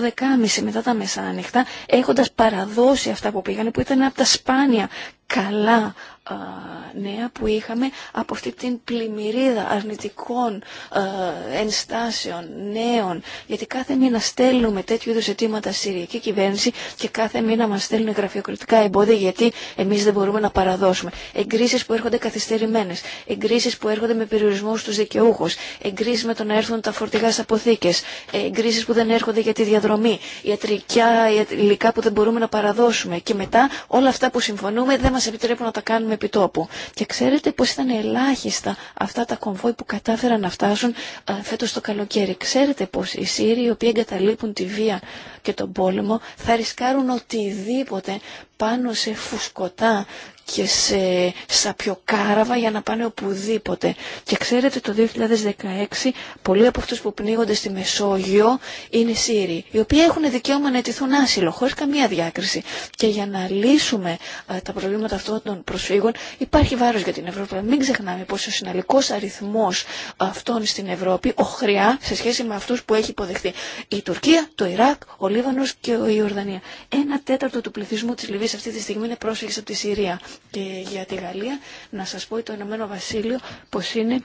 12.30 μετά τα μεσάνυχτα έχοντας παραδώσει αυτά που πήγανε που ήταν από τα σπάνια καλά νέα που είχαμε από αυτή την πλημμυρίδα αρνητικών ενστάσεων, νέων, γιατί κάθε μήνα στέλνουμε τέτοιου είδους αιτήματα στη Συριακή κυβέρνηση και κάθε μήνα μας στέλνουν γραφειοκρατικά εμπόδια γιατί εμείς δεν μπορούμε να παραδώσουμε. Εγκρίσεις που έρχονται καθυστερημένες, εγκρίσεις που έρχονται με περιορισμό στους δικαιούχους, εγκρίσεις με το να έρθουν τα φορτηγά στις αποθήκες, εγκρίσεις που δεν έρχονται για τη διαδρομή, ιατρικά, υλικά που δεν μπορούμε να παραδώσουμε και μετά όλα αυτά που συμφωνούμε δεν μας επιτρέπουν να τα κάνουμε επιτόπου. Και ξέρετε πως ήταν ελάχιστα αυτά τα κομβόι που κατάφεραν να φτάσουν ε, φέτος το καλοκαίρι. Ξέρετε πως οι Σύριοι οι οποίοι εγκαταλείπουν τη βία και τον πόλεμο θα ρισκάρουν οτιδήποτε πάνω σε φουσκωτά και σε σαπιοκάραβα για να πάνε οπουδήποτε. Και ξέρετε το 2016 πολλοί από αυτούς που πνίγονται στη Μεσόγειο είναι Σύριοι, οι οποίοι έχουν δικαίωμα να αιτηθούν άσυλο χωρίς καμία διάκριση. Και για να λύσουμε α, τα προβλήματα αυτών των προσφύγων υπάρχει βάρος για την Ευρώπη. Μην ξεχνάμε πως ο συναλλικός αριθμός αυτών στην Ευρώπη οχριά σε σχέση με αυτούς που έχει υποδεχθεί η Τουρκία, το Ιράκ, ο Λίβανο και η Ιορδανία. Ένα τέταρτο του πληθυσμού της Λιβύης αυτή τη στιγμή είναι πρόσφυγες από τη Συρία. Και για τη Γαλλία, να σας πω, το Ηνωμένο Βασίλειο πως είναι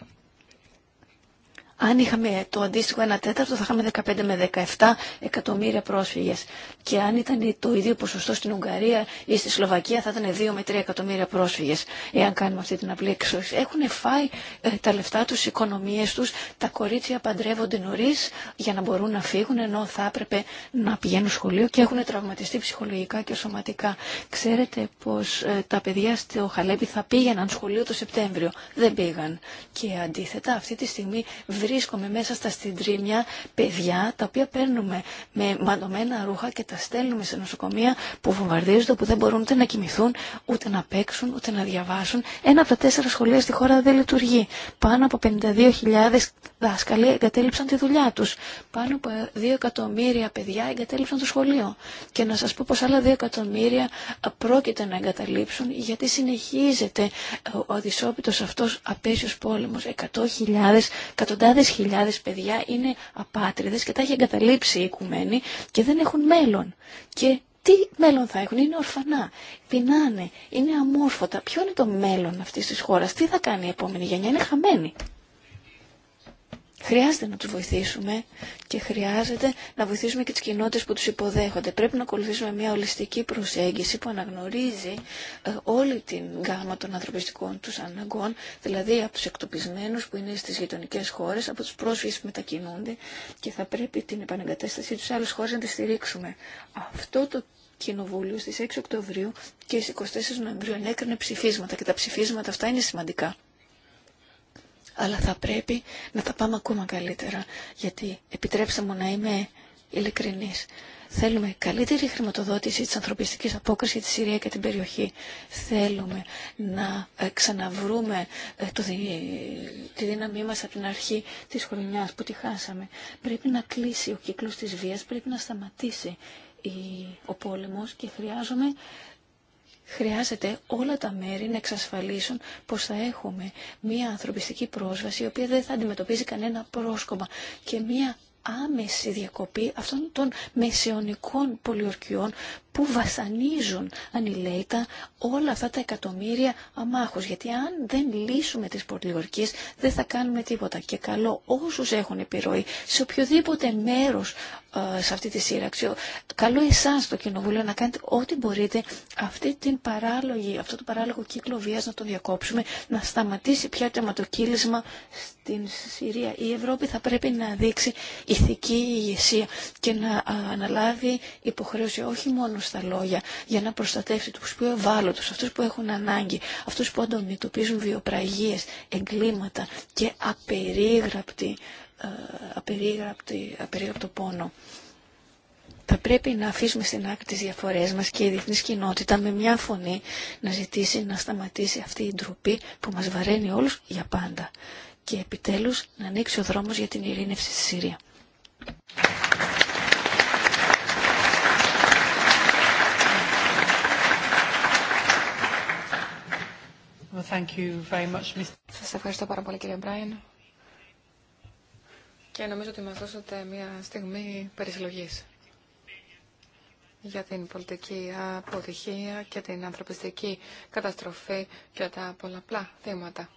αν είχαμε το αντίστοιχο 1 τέταρτο θα είχαμε 15 με 17 εκατομμύρια πρόσφυγες. Και αν ήταν το ίδιο ποσοστό στην Ουγγαρία ή στη Σλοβακία θα ήταν 2 με 3 εκατομμύρια πρόσφυγες. Εάν κάνουμε αυτή την απλή Έχουν φάει ε, τα λεφτά τους, οι οικονομίες τους, τα κορίτσια παντρεύονται νωρί για να μπορούν να φύγουν ενώ θα έπρεπε να πηγαίνουν σχολείο και έχουν τραυματιστεί ψυχολογικά και σωματικά. Ξέρετε πως ε, τα παιδιά στο Χαλέπι θα πήγαιναν σχολείο το Σεπτέμβριο. Δεν πήγαν. Και αντίθετα αυτή τη στιγμή βρίσκομαι μέσα στα συντρίμια παιδιά τα οποία παίρνουμε με μαντωμένα ρούχα και τα στέλνουμε σε νοσοκομεία που βομβαρδίζονται, που δεν μπορούν ούτε να κοιμηθούν, ούτε να παίξουν, ούτε να διαβάσουν. Ένα από τα τέσσερα σχολεία στη χώρα δεν λειτουργεί. Πάνω από 52.000 δάσκαλοι εγκατέλειψαν τη δουλειά του. Πάνω από 2 εκατομμύρια παιδιά εγκατέλειψαν το σχολείο. Και να σα πω πω άλλα 2 εκατομμύρια πρόκειται να εγκαταλείψουν γιατί συνεχίζεται ο αδυσόπιτος αυτό απέσιο πόλεμο, 100.000, χιλιάδες χιλιάδες παιδιά είναι απάτριδες και τα έχει εγκαταλείψει η οικουμένη και δεν έχουν μέλλον. Και τι μέλλον θα έχουν, είναι ορφανά, πεινάνε, είναι αμόρφωτα. Ποιο είναι το μέλλον αυτής της χώρας, τι θα κάνει η επόμενη γενιά, είναι χαμένη. Χρειάζεται να τους βοηθήσουμε και χρειάζεται να βοηθήσουμε και τις κοινότητε που τους υποδέχονται. Πρέπει να ακολουθήσουμε μια ολιστική προσέγγιση που αναγνωρίζει ε, όλη την γάμα των ανθρωπιστικών τους αναγκών, δηλαδή από τους εκτοπισμένους που είναι στις γειτονικέ χώρες, από τους πρόσφυγες που μετακινούνται και θα πρέπει την επανεγκατέσταση τους σε άλλες χώρες να τη στηρίξουμε. Αυτό το Κοινοβούλιο στις 6 Οκτωβρίου και στις 24 Νοεμβρίου ενέκρινε ψηφίσματα και τα ψηφίσματα αυτά είναι σημαντικά αλλά θα πρέπει να τα πάμε ακόμα καλύτερα. Γιατί επιτρέψτε μου να είμαι ειλικρινής. Θέλουμε καλύτερη χρηματοδότηση της ανθρωπιστικής απόκρισης για τη Συρία και την περιοχή. Θέλουμε να ε, ξαναβρούμε ε, το, τη δύναμή μας από την αρχή της χρονιάς που τη χάσαμε. Πρέπει να κλείσει ο κύκλος της βίας, πρέπει να σταματήσει ο πόλεμος και χρειάζομαι χρειάζεται όλα τα μέρη να εξασφαλίσουν πως θα έχουμε μία ανθρωπιστική πρόσβαση η οποία δεν θα αντιμετωπίζει κανένα πρόσκομα και μία άμεση διακοπή αυτών των μεσαιωνικών πολιορκιών που βασανίζουν ανηλέητα όλα αυτά τα εκατομμύρια αμάχους. Γιατί αν δεν λύσουμε τις πολιορκίες δεν θα κάνουμε τίποτα. Και καλό όσους έχουν επιρροή σε οποιοδήποτε μέρος ε, σε αυτή τη σύραξη. Καλό εσά το Κοινοβούλιο να κάνετε ό,τι μπορείτε αυτή την παράλογη, αυτό το παράλογο κύκλο βία να το διακόψουμε, να σταματήσει πια το αιματοκύλισμα στην Συρία. Η Ευρώπη θα πρέπει να δείξει ηθική ηγεσία και να αναλάβει υποχρέωση όχι μόνο στα λόγια για να προστατεύσει του πιο ευάλωτου, αυτού που έχουν ανάγκη, αυτού που αντιμετωπίζουν βιοπραγίε, εγκλήματα και απερίγραπτη ε, απερίγραπτο πόνο. Θα πρέπει να αφήσουμε στην άκρη τις διαφορές μας και η διεθνής κοινότητα με μια φωνή να ζητήσει να σταματήσει αυτή η ντροπή που μας βαραίνει όλους για πάντα και επιτέλους να ανοίξει ο δρόμος για την ειρήνευση στη Συρία. Σας ευχαριστώ πάρα πολύ κύριε Μπράιν. Και νομίζω ότι μας δώσατε μια στιγμή περισλογής για την πολιτική αποτυχία και την ανθρωπιστική καταστροφή και τα πολλαπλά θύματα.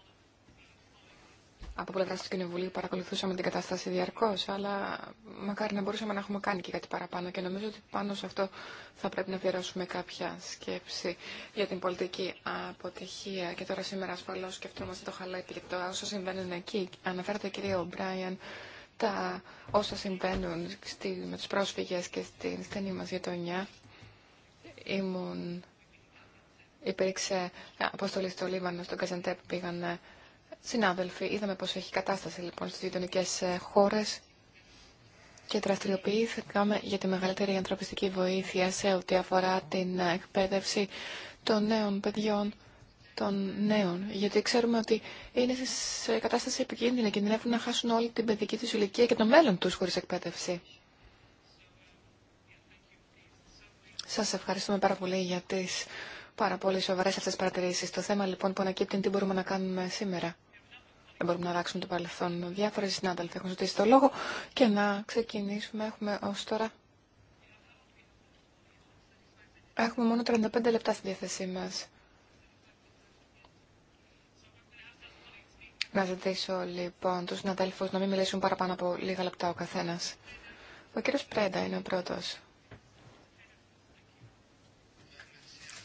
Από πλευρά του Κοινοβουλίου παρακολουθούσαμε την κατάσταση διαρκώ, αλλά μακάρι να μπορούσαμε να έχουμε κάνει και κάτι παραπάνω. Και νομίζω ότι πάνω σε αυτό θα πρέπει να αφιερώσουμε κάποια σκέψη για την πολιτική αποτυχία. Και τώρα σήμερα ασφαλώ σκεφτόμαστε το χαλάκι και το όσο συμβαίνουν εκεί. Αναφέρατε, κύριε Ομπράιαν, τα όσα συμβαίνουν στη, με τους πρόσφυγες και στην στενή μας γειτονιά. Ήμουν, υπήρξε αποστολή στο Λίβανο, στον που πήγαν ε, συνάδελφοι. Είδαμε πώς έχει κατάσταση λοιπόν στις γειτονικέ ε, χώρες και δραστηριοποιήθηκαμε για τη μεγαλύτερη ανθρωπιστική βοήθεια σε ό,τι αφορά την ε, εκπαίδευση των νέων παιδιών των νέων. Γιατί ξέρουμε ότι είναι σε κατάσταση επικίνδυνη, κινδυνεύουν να χάσουν όλη την παιδική του ηλικία και το μέλλον του χωρί εκπαίδευση. Σα ευχαριστούμε πάρα πολύ για τι πάρα πολύ σοβαρέ αυτέ παρατηρήσει. Το θέμα λοιπόν που ανακύπτει τι μπορούμε να κάνουμε σήμερα. Δεν μπορούμε να αλλάξουμε το παρελθόν. Διάφοροι συνάδελφοι έχουν ζητήσει το λόγο και να ξεκινήσουμε. Έχουμε ω τώρα. Έχουμε μόνο 35 λεπτά στη διάθεσή μας. Να ζητήσω λοιπόν τους συναδέλφους να μην μιλήσουν παραπάνω από λίγα λεπτά ο καθένας. Ο κύριος Πρέντα είναι ο πρώτος.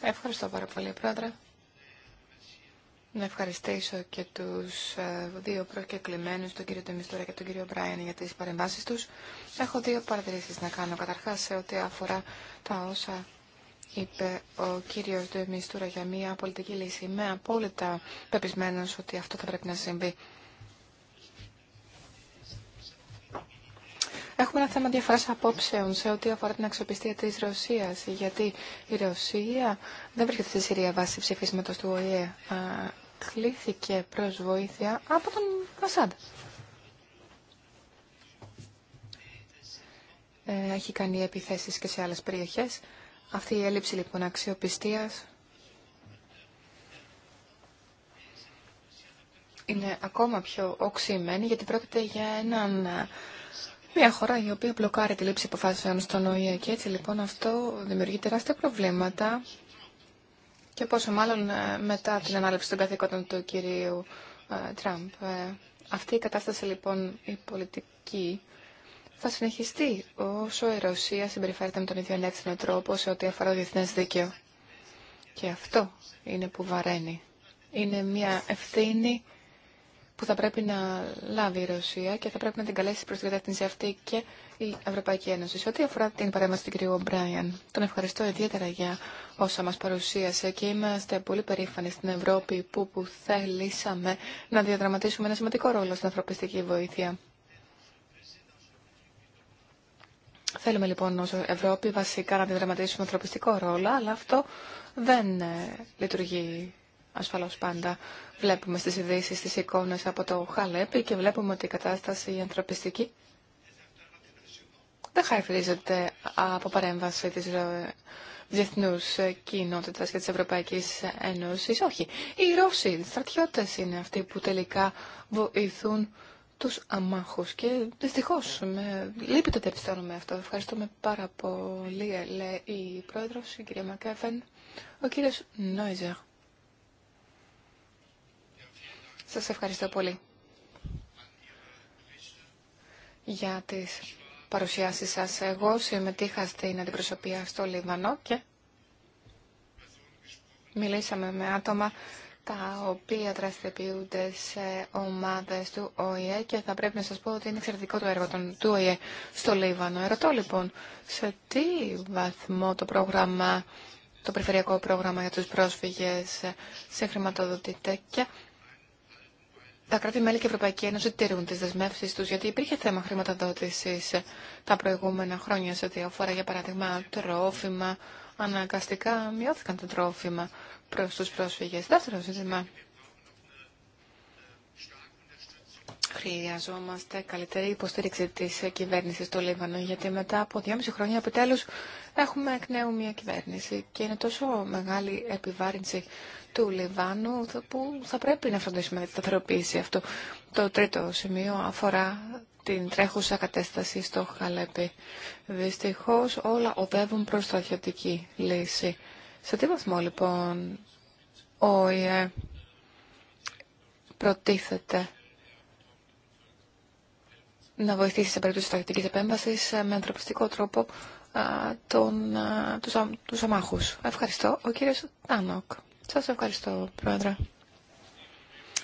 Ευχαριστώ πάρα πολύ, Πρόεδρε. Να ευχαριστήσω και τους ε, δύο προκεκλημένους, τον κύριο Τεμιστορα και τον κύριο Μπράιν, για τις παρεμβάσεις τους. Έχω δύο παρατηρήσεις να κάνω. Καταρχάς, σε ό,τι αφορά τα όσα είπε ο κύριος Δεμίστουρα για μια πολιτική λύση. Είμαι απόλυτα πεπισμένος ότι αυτό θα πρέπει να συμβεί. Έχουμε ένα θέμα διαφορά απόψεων σε ό,τι αφορά την αξιοπιστία τη Ρωσία. Γιατί η Ρωσία δεν βρίσκεται στη Συρία βάσει ψηφίσματο του ΟΗΕ. Α, κλήθηκε προ βοήθεια από τον Ασάντ. Ε, έχει κάνει επιθέσει και σε άλλε περιοχέ. Αυτή η έλλειψη λοιπόν αξιοπιστίας είναι ακόμα πιο οξυμένη γιατί πρόκειται για έναν, μια χώρα η οποία μπλοκάρει τη λήψη αποφάσεων στον ΟΗΕ και έτσι λοιπόν αυτό δημιουργεί τεράστια προβλήματα και πόσο μάλλον ε, μετά την ανάληψη των καθήκοντων του κυρίου ε, Τραμπ. Ε, αυτή η κατάσταση λοιπόν η πολιτική θα συνεχιστεί όσο η Ρωσία συμπεριφέρεται με τον ίδιο ελεύθερο τρόπο σε ό,τι αφορά το διεθνέ δίκαιο. Και αυτό είναι που βαραίνει. Είναι μια ευθύνη που θα πρέπει να λάβει η Ρωσία και θα πρέπει να την καλέσει προ την κατεύθυνση αυτή και η Ευρωπαϊκή Ένωση. Σε ό,τι αφορά την παρέμβαση του κ. Ομπράιαν, τον ευχαριστώ ιδιαίτερα για όσα μα παρουσίασε και είμαστε πολύ περήφανοι στην Ευρώπη που, που θέλησαμε να διαδραματίσουμε ένα σημαντικό ρόλο στην ανθρωπιστική βοήθεια. Θέλουμε λοιπόν ως Ευρώπη βασικά να διαδραματίσουμε ανθρωπιστικό ρόλο, αλλά αυτό δεν ε, λειτουργεί ασφαλώς πάντα. Βλέπουμε στις ειδήσει τις εικόνες από το Χαλέπι και βλέπουμε ότι η κατάσταση η ανθρωπιστική δεν χαρακτηρίζεται από παρέμβαση της ε, διεθνού κοινότητα και τη Ευρωπαϊκή Ένωση. Όχι. Οι Ρώσοι, οι στρατιώτε είναι αυτοί που τελικά βοηθούν τους αμάχους και δυστυχώς με λείπει το αυτό. Ευχαριστούμε πάρα πολύ, λέει η πρόεδρος, η κυρία Μακέφεν, ο κύριος Νόιζερ. Σας ευχαριστώ πολύ για τις παρουσιάσεις σας. Εγώ συμμετείχα στην αντιπροσωπεία στο Λίβανο και μιλήσαμε με άτομα τα οποία δραστηριοποιούνται σε ομάδες του ΟΗΕ και θα πρέπει να σας πω ότι είναι εξαιρετικό το έργο του ΟΗΕ στο Λίβανο. Ερωτώ λοιπόν, σε τι βαθμό το πρόγραμμα, το περιφερειακό πρόγραμμα για τους πρόσφυγες σε χρηματοδοτείται και τα κράτη-μέλη και η Ευρωπαϊκή Ένωση τηρούν τι δεσμεύσει του, γιατί υπήρχε θέμα χρηματοδότηση τα προηγούμενα χρόνια σε ό,τι αφορά, για παράδειγμα, τρόφιμα. Αναγκαστικά μειώθηκαν τα τρόφιμα προς τους πρόσφυγες. Δεύτερο ζήτημα. Χρειαζόμαστε καλύτερη υποστήριξη της κυβέρνησης του Λίβανο, γιατί μετά από δυόμιση χρόνια επιτέλους έχουμε εκ νέου μια κυβέρνηση και είναι τόσο μεγάλη επιβάρυνση του Λιβάνου που θα πρέπει να φροντίσουμε τη σταθεροποίηση αυτό. Το τρίτο σημείο αφορά την τρέχουσα κατέσταση στο Χαλέπι. Δυστυχώς όλα οδεύουν προς στρατιωτική λύση. Σε τι βαθμό λοιπόν ο ΙΕ προτίθεται να βοηθήσει σε περίπτωση τακτικής επέμβασης ε, με ανθρωπιστικό τρόπο ε, τον, ε, τους, α, αμάχους. Ευχαριστώ. Ο κύριος Τάνοκ. Σας ευχαριστώ, Πρόεδρε.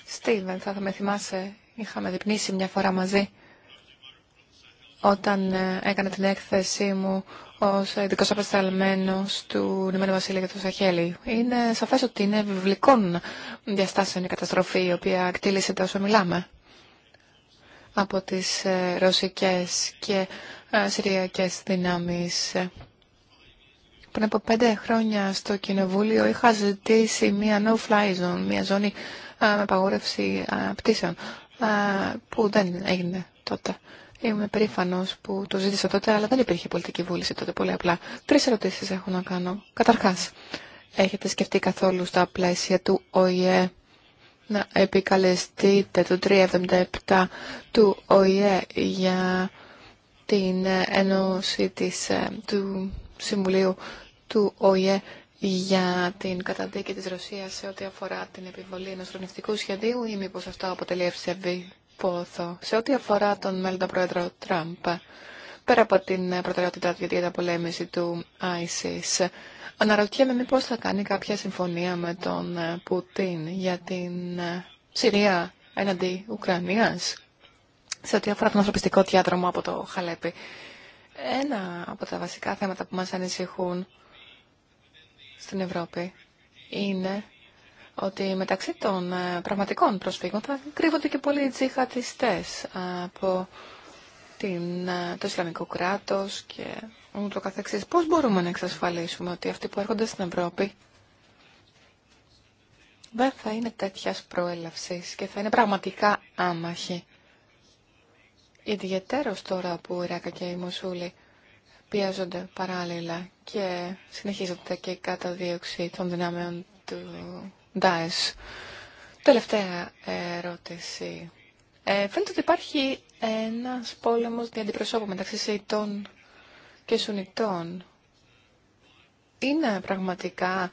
Στίβεν, θα με θυμάσαι, είχαμε διπνήσει μια φορά μαζί όταν ε, έκανα την έκθεσή μου ως ειδικό απεσταλμένος του Ηνωμένου Βασίλειου για το Σαχέλη, είναι σαφές ότι είναι βιβλικών διαστάσεων η καταστροφή η οποία εκτίλησε τόσο μιλάμε από τις ε, ρωσικές και ε, συριακές δυνάμεις. Πριν από πέντε χρόνια στο Κοινοβούλιο είχα ζητήσει μία no-fly zone, μία ζώνη με απαγόρευση πτήσεων, που δεν έγινε τότε. Είμαι περήφανο που το ζήτησα τότε, αλλά δεν υπήρχε πολιτική βούληση τότε πολύ απλά. Τρει ερωτήσει έχω να κάνω. Καταρχά, έχετε σκεφτεί καθόλου στα πλαίσια του ΟΗΕ να επικαλεστείτε το 377 του ΟΗΕ για την ένωση ε, του Συμβουλίου του ΟΗΕ για την καταδίκη της Ρωσίας σε ό,τι αφορά την επιβολή ενός ρονευτικού σχεδίου ή μήπως αυτό αποτελεί ευσεβή πόθο. Σε ό,τι αφορά τον μέλλοντα πρόεδρο Τραμπ, πέρα από την προτεραιότητα για την απολέμηση του ISIS, αναρωτιέμαι μήπως θα κάνει κάποια συμφωνία με τον Πουτίν για την Συρία έναντι Ουκρανίας, σε ό,τι αφορά τον ανθρωπιστικό διάδρομο από το Χαλέπι. Ένα από τα βασικά θέματα που μας ανησυχούν στην Ευρώπη είναι ότι μεταξύ των ε, πραγματικών προσφύγων θα κρύβονται και πολλοί τζιχατιστές από την, ε, το Ισλαμικό κράτος και ούτω καθεξής. Πώς μπορούμε να εξασφαλίσουμε ότι αυτοί που έρχονται στην Ευρώπη δεν θα είναι τέτοια προέλευση και θα είναι πραγματικά άμαχοι. Ιδιαίτερο τώρα που η Ράκα και η Μοσούλη πιέζονται παράλληλα και συνεχίζονται και η καταδίωξη των δυνάμεων του Ντάες. Τελευταία ερώτηση. Ε, φαίνεται ότι υπάρχει ένας πόλεμος διαντιπροσώπου μεταξύ Σεϊτών και Σουνιτών. Είναι πραγματικά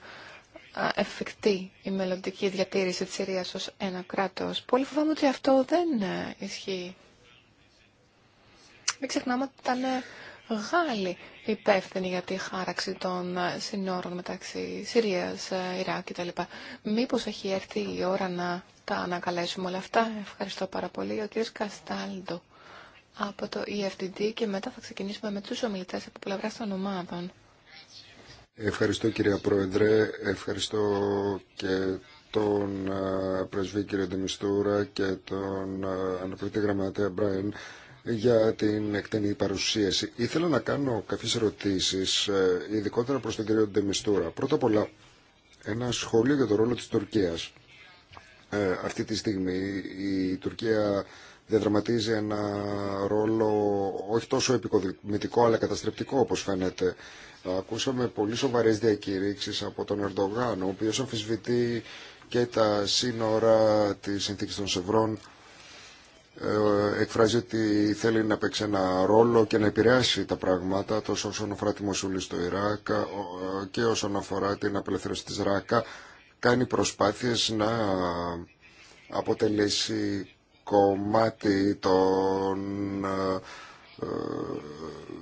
εφικτή η μελλοντική διατήρηση της Συρίας ως ένα κράτος. Πολύ φοβάμαι ότι αυτό δεν ε, ισχύει. Μην ξεχνάμε ότι ήταν ε, Γάλλοι υπεύθυνοι για τη χάραξη των συνόρων μεταξύ Συρίας, Ιράκ κτλ. Μήπως έχει έρθει η ώρα να τα ανακαλέσουμε όλα αυτά. Ευχαριστώ πάρα πολύ. Ο κ. Καστάλντο από το EFTD και μετά θα ξεκινήσουμε με τους ομιλητές από πλευρά των ομάδων. Ευχαριστώ κυρία Πρόεδρε, ευχαριστώ και τον ε, πρεσβή κύριο Ντιμιστούρα και τον ε, αναπληκτή γραμματέα Μπράιν για την εκτενή παρουσίαση. Ήθελα να κάνω κάποιες ερωτήσεις, ε, ειδικότερα προς τον κύριο Ντεμιστούρα. Πρώτα απ' όλα, ένα σχόλιο για τον ρόλο της Τουρκίας. Ε, αυτή τη στιγμή η Τουρκία διαδραματίζει ένα ρόλο όχι τόσο επικοδημητικό αλλά καταστρεπτικό όπως φαίνεται. Ακούσαμε πολύ σοβαρές διακήρυξεις από τον Ερντογάν, ο οποίος αμφισβητεί και τα σύνορα της συνθήκης των Σευρών ε, εκφράζει ότι θέλει να παίξει ένα ρόλο και να επηρεάσει τα πράγματα τόσο όσον αφορά τη Μοσούλη στο Ιράκ και όσον αφορά την απελευθέρωση της Ράκα κάνει προσπάθειες να αποτελέσει κομμάτι των, ε, ε,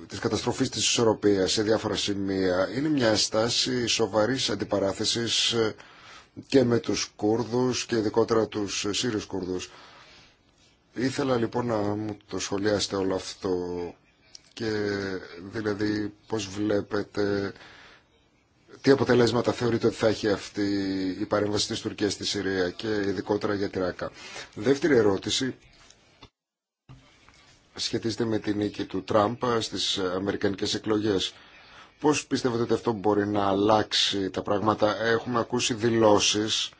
της καταστροφής της ισορροπίας σε διάφορα σημεία. Είναι μια στάση σοβαρής αντιπαράθεσης και με τους Κούρδους και ειδικότερα τους Σύριους Κούρδους. Ήθελα λοιπόν να μου το σχολιάσετε όλο αυτό και δηλαδή πώς βλέπετε τι αποτελέσματα θεωρείτε ότι θα έχει αυτή η παρέμβαση της Τουρκίας στη Συρία και ειδικότερα για τη Ράκα. Δεύτερη ερώτηση σχετίζεται με την νίκη του Τραμπ στις αμερικανικές εκλογές. Πώς πιστεύετε ότι αυτό μπορεί να αλλάξει τα πράγματα. Έχουμε ακούσει δηλώσεις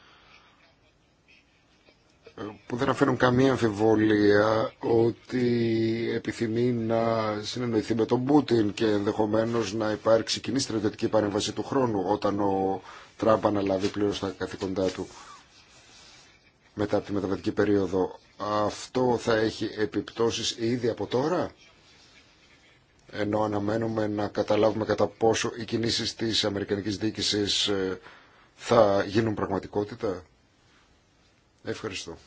που δεν αφήνουν καμία αμφιβολία ότι επιθυμεί να συνεννοηθεί με τον Πούτιν και ενδεχομένω να υπάρξει κοινή στρατιωτική παρέμβαση του χρόνου όταν ο Τραμπ αναλάβει πλήρω τα καθήκοντά του μετά από τη μεταβατική περίοδο. Αυτό θα έχει επιπτώσεις ήδη από τώρα ενώ αναμένουμε να καταλάβουμε κατά πόσο οι κινήσεις της Αμερικανικής Διοίκησης ε, θα γίνουν πραγματικότητα. Ευχαριστώ.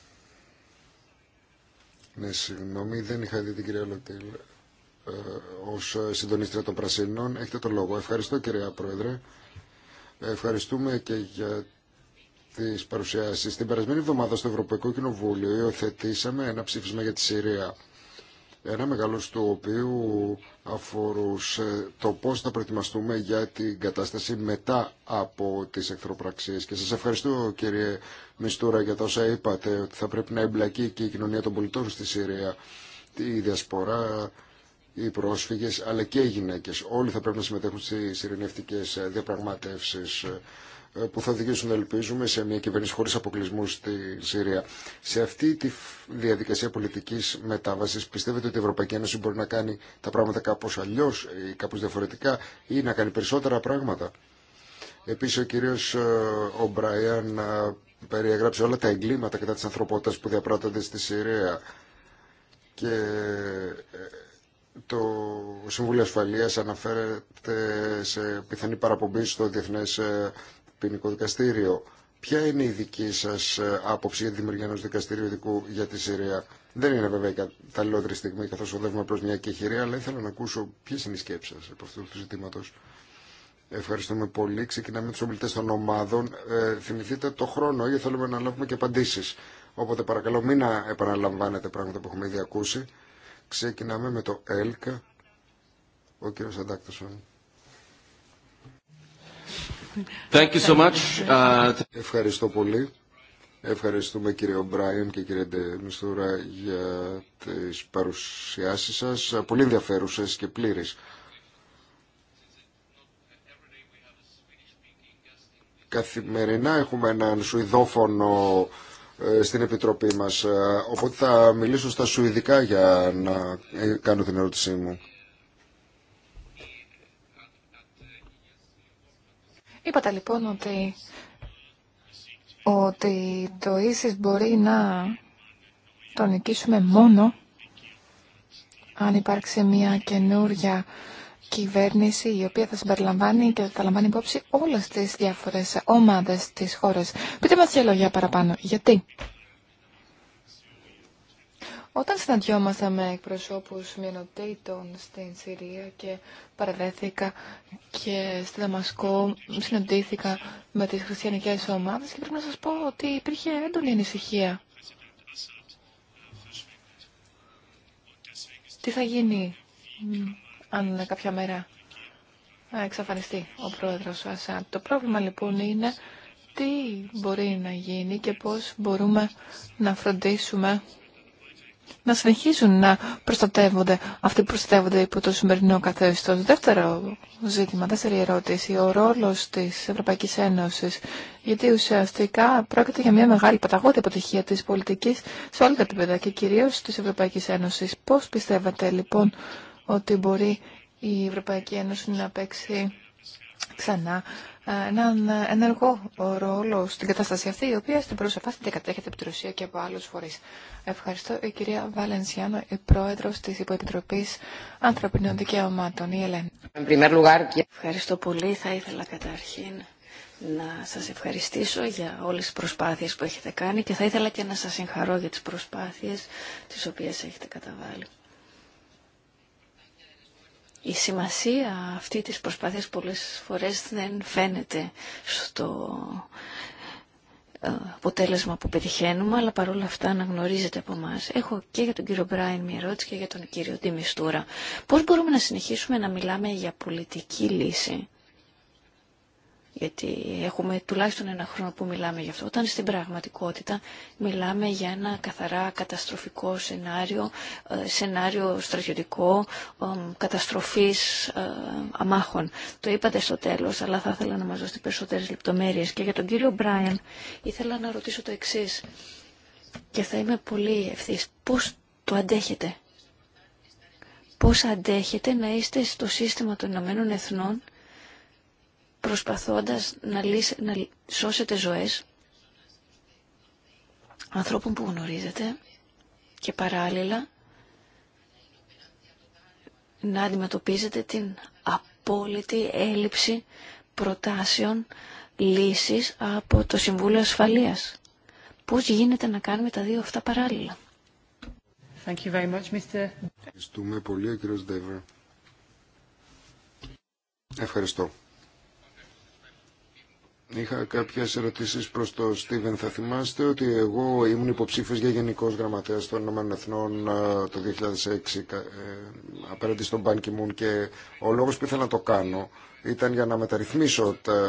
Ναι, συγγνώμη, δεν είχα δει την κυρία Λοτήλ ε, ως συντονίστρια των Πρασίνων. Έχετε το λόγο. Ευχαριστώ κυρία Πρόεδρε. Ευχαριστούμε και για τι παρουσιάσει Την περασμένη εβδομάδα στο Ευρωπαϊκό Κοινοβούλιο υιοθετήσαμε ένα ψήφισμα για τη Συρία ένα μεγάλο του οποίου αφορούσε το πώς θα προετοιμαστούμε για την κατάσταση μετά από τις εχθροπραξίες. Και σας ευχαριστώ κύριε Μιστούρα για τα όσα είπατε, ότι θα πρέπει να εμπλακεί και η κοινωνία των πολιτών στη Συρία, η διασπορά, οι πρόσφυγες, αλλά και οι γυναίκες. Όλοι θα πρέπει να συμμετέχουν στις ειρηνευτικές διαπραγματεύσεις. Ε, που θα οδηγήσουν, ελπίζουμε, σε μια κυβέρνηση χωρί αποκλεισμού στη Συρία. Σε αυτή τη διαδικασία πολιτική μετάβαση, πιστεύετε ότι η Ευρωπαϊκή Ένωση μπορεί να κάνει τα πράγματα κάπω αλλιώ ή κάπω διαφορετικά ή να κάνει περισσότερα πράγματα. Επίση ο κύριος ε, Ομπραϊάν ε, περιέγραψε όλα τα εγκλήματα κατά της ανθρωπότητας που διαπράττονται στη Συρία και το Συμβούλιο Ασφαλείας αναφέρεται σε πιθανή παραπομπή στο Διεθνές ποινικό δικαστήριο. Ποια είναι η δική σα ε, άποψη για τη δημιουργία ενό δικαστηρίου ειδικού για τη Συρία. Δεν είναι βέβαια η καταλληλότερη στιγμή καθώ οδεύουμε προ μια κεχηρία, αλλά ήθελα να ακούσω ποιε είναι οι σκέψει σα από αυτού του ζητήματο. Ευχαριστούμε πολύ. Ξεκινάμε του ομιλητέ των ομάδων. Ε, θυμηθείτε το χρόνο, γιατί θέλουμε να λάβουμε και απαντήσει. Οπότε παρακαλώ μην επαναλαμβάνετε πράγματα που έχουμε ήδη ακούσει. Ξεκινάμε με το ΕΛΚΑ. Ο κύριο Αντάκτασον. Uh, Ευχαριστώ πολύ. Ευχαριστούμε κύριε Ομπράιον και κύριε Ντεμιστούρα για τις παρουσιάσεις σας, πολύ ενδιαφέρουσες και πλήρες. Καθημερινά έχουμε έναν σουηδόφωνο ε, στην Επιτροπή μας, ε, οπότε θα μιλήσω στα σουηδικά για να ε, κάνω την ερώτησή μου. Είπατε λοιπόν ότι, ότι το ίσις μπορεί να το νικήσουμε μόνο αν υπάρξει μια καινούρια κυβέρνηση η οποία θα συμπεριλαμβάνει και θα λαμβάνει υπόψη όλες τις διάφορες ομάδες της χώρας. Πείτε μας δύο λόγια παραπάνω. Γιατί όταν συναντιόμασταν με εκπροσώπους μειονοτήτων στην Συρία και παραδέθηκα και στη Δαμασκό συναντήθηκα με τις χριστιανικές ομάδες και πρέπει να σας πω ότι υπήρχε έντονη ανησυχία. Τι θα γίνει αν κάποια μέρα εξαφανιστεί ο πρόεδρος Ασάντ. Το πρόβλημα λοιπόν είναι τι μπορεί να γίνει και πώς μπορούμε να φροντίσουμε να συνεχίζουν να προστατεύονται αυτοί που προστατεύονται υπό το σημερινό καθεστώ. Δεύτερο ζήτημα, δεύτερη ερώτηση, ο ρόλο τη Ευρωπαϊκή Ένωση. Γιατί ουσιαστικά πρόκειται για μια μεγάλη παταγώδη αποτυχία τη πολιτική σε όλα τα επίπεδα και κυρίω τη Ευρωπαϊκή Ένωση. Πώ πιστεύετε λοιπόν ότι μπορεί η Ευρωπαϊκή Ένωση να παίξει ξανά έναν ενεργό ρόλο στην κατάσταση αυτή, η οποία στην προσεφάση δεν κατέχεται από τη Ρωσία και από άλλους φορείς. Ευχαριστώ η κυρία Βαλενσιάνο, η πρόεδρος της Υποεπιτροπής Ανθρωπινών Δικαιωμάτων, η Ελένη. Ευχαριστώ πολύ. Θα ήθελα καταρχήν να σας ευχαριστήσω για όλες τις προσπάθειες που έχετε κάνει και θα ήθελα και να σας συγχαρώ για τις προσπάθειες τις οποίες έχετε καταβάλει. Η σημασία αυτή της προσπάθειας πολλές φορές δεν φαίνεται στο ε, αποτέλεσμα που πετυχαίνουμε, αλλά παρόλα αυτά αναγνωρίζεται από εμά. Έχω και για τον κύριο Μπράιν μια ερώτηση και για τον κύριο Τιμιστούρα. Πώς μπορούμε να συνεχίσουμε να μιλάμε για πολιτική λύση γιατί έχουμε τουλάχιστον ένα χρόνο που μιλάμε γι' αυτό, όταν στην πραγματικότητα μιλάμε για ένα καθαρά καταστροφικό σενάριο, ε, σενάριο στρατιωτικό, ε, καταστροφής ε, αμάχων. Το είπατε στο τέλος, αλλά θα ήθελα να μας δώσετε περισσότερες λεπτομέρειες. Και για τον κύριο Μπράιαν ήθελα να ρωτήσω το εξή και θα είμαι πολύ ευθύς. Πώς το αντέχετε. Πώς αντέχετε να είστε στο σύστημα των Ηνωμένων Εθνών προσπαθώντας να, να σώσετε ζωές ανθρώπων που γνωρίζετε και παράλληλα να αντιμετωπίζετε την απόλυτη έλλειψη προτάσεων λύσης από το Συμβούλιο Ασφαλείας. Πώς γίνεται να κάνουμε τα δύο αυτά παράλληλα. Ευχαριστούμε πολύ, Ευχαριστώ. Είχα κάποιε ερωτήσει προς τον Στίβεν. Θα θυμάστε ότι εγώ ήμουν υποψήφιος για Γενικό Γραμματέα των Ηνωμένων Εθνών ε, το 2006 ε, απέναντι στον Πάνκι Μουν και ο λόγος που ήθελα να το κάνω ήταν για να μεταρρυθμίσω τα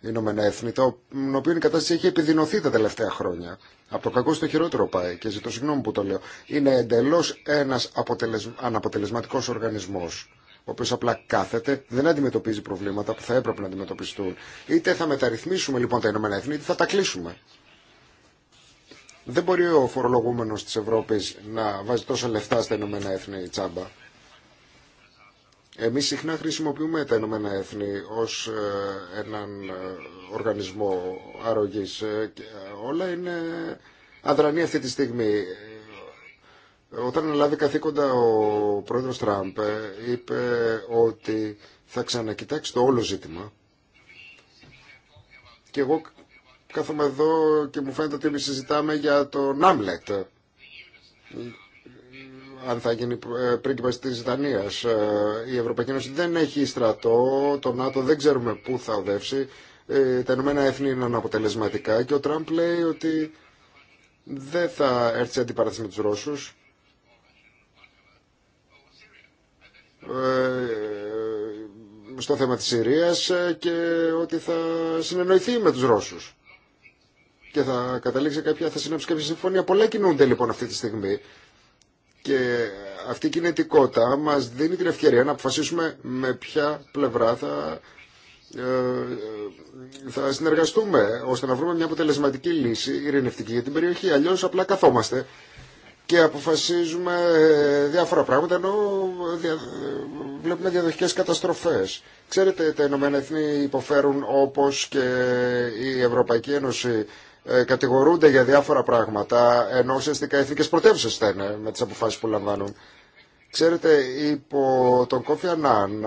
Ηνωμένα Έθνη, το οποίο η κατάσταση έχει επιδεινωθεί τα τελευταία χρόνια. Από το κακό στο χειρότερο πάει και ζητώ συγγνώμη που το λέω. Είναι εντελώς ένας αναποτελεσματικός οργανισμό ο οποίο απλά κάθεται, δεν αντιμετωπίζει προβλήματα που θα έπρεπε να αντιμετωπιστούν. Είτε θα μεταρρυθμίσουμε λοιπόν τα Ηνωμένα Εθνή, είτε θα τα κλείσουμε. Δεν μπορεί ο φορολογούμενο τη Ευρώπη να βάζει τόσα λεφτά στα Ηνωμένα Εθνή τσάμπα. Εμεί συχνά χρησιμοποιούμε τα Ηνωμένα Εθνή ω ε, έναν ε, οργανισμό αρρωγή. Ε, όλα είναι αδρανή αυτή τη στιγμή. Όταν αναλάβει καθήκοντα ο πρόεδρος Τραμπ ε, είπε ότι θα ξανακοιτάξει το όλο ζήτημα και εγώ κάθομαι εδώ και μου φαίνεται ότι συζητάμε για το Άμλετ αν θα γίνει ε, πρίγκιπας της Δανίας. Ε, η Ευρωπαϊκή Ένωση δεν έχει στρατό, το ΝΑΤΟ δεν ξέρουμε πού θα οδεύσει, τα Ηνωμένα Έθνη είναι αναποτελεσματικά και ο Τραμπ λέει ότι δεν θα έρθει σε αντιπαράθεση με τους Ρώσους Ε, στο θέμα της Συρίας ε, και ότι θα συνεννοηθεί με τους Ρώσους και θα καταλήξει κάποια, θα συνέψει κάποια συμφωνία. Πολλά κινούνται λοιπόν αυτή τη στιγμή και αυτή η κινητικότητα μας δίνει την ευκαιρία να αποφασίσουμε με ποια πλευρά θα, ε, θα συνεργαστούμε ώστε να βρούμε μια αποτελεσματική λύση ειρηνευτική για την περιοχή. Αλλιώς απλά καθόμαστε και αποφασίζουμε ε, διάφορα πράγματα ενώ ε, ε, βλέπουμε διαδοχικές καταστροφές. Ξέρετε, τα Ηνωμένα Εθνή υποφέρουν όπως και η Ευρωπαϊκή Ένωση κατηγορούνται για διάφορα πράγματα ενώ ουσιαστικά εθνικές πρωτεύουσες με τις αποφάσεις που λαμβάνουν. Ξέρετε, υπό τον Κόφι Ανάν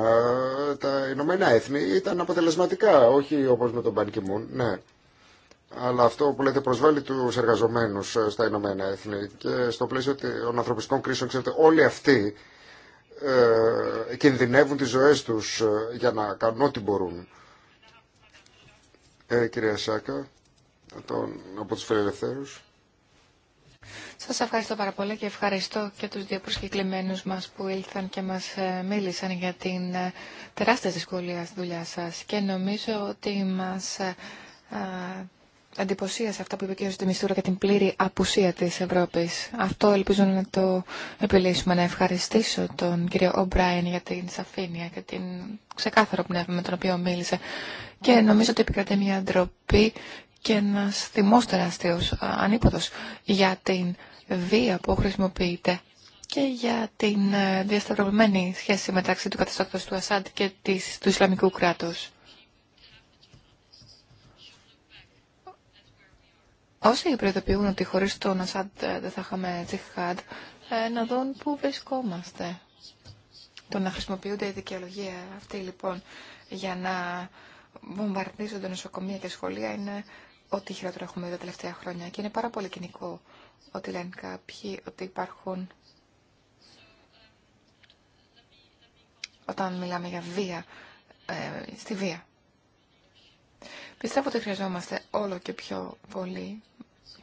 τα Ηνωμένα Έθνη ήταν αποτελεσματικά, όχι όπως με τον Πανκιμούν, ναι. Αλλά αυτό που λέτε προσβάλλει του εργαζομένου ε, στα Ηνωμένα Έθνη και στο πλαίσιο των ανθρωπιστικών κρίσεων, ξέρετε, όλοι αυτοί ε, κινδυνεύουν τις ζωές τους ε, για να κάνουν ό,τι μπορούν. Ε, κυρία Σάκα, τον, από του φιλελευθέρου. Σας ευχαριστώ πάρα πολύ και ευχαριστώ και τους δύο προσκεκλημένους μας που ήλθαν και μας ε, μίλησαν για την τεράστια δυσκολία στη δουλειά σας και νομίζω ότι μας σε αυτά που είπε ο κ. Δημιστούρα για την πλήρη απουσία της Ευρώπης. Αυτό ελπίζω να το επιλύσουμε. Να ευχαριστήσω τον κύριο Ομπράιν για την σαφήνεια και την ξεκάθαρο πνεύμα με τον οποίο μίλησε. Και νομίζω ότι επικρατεί μια ντροπή και ένα θυμό τεράστιο, ανίποτο, για την βία που χρησιμοποιείται και για την ε, διασταυρωμένη σχέση μεταξύ του καθεστώτος του Ασάντ και του Ισλαμικού κράτους. Όσοι προειδοποιούν ότι χωρίς τον Ασάντ ε, δεν θα είχαμε τζιχάντ, ε, να δουν πού βρισκόμαστε. Το να χρησιμοποιούνται η δικαιολογία ε, αυτή λοιπόν για να βομβαρδίζονται νοσοκομεία και σχολεία είναι ό,τι χειρότερο έχουμε τα τελευταία χρόνια. Και είναι πάρα πολύ κοινικό ότι λένε κάποιοι ότι υπάρχουν όταν μιλάμε για βία, ε, στη βία. Πιστεύω ότι χρειαζόμαστε όλο και πιο πολύ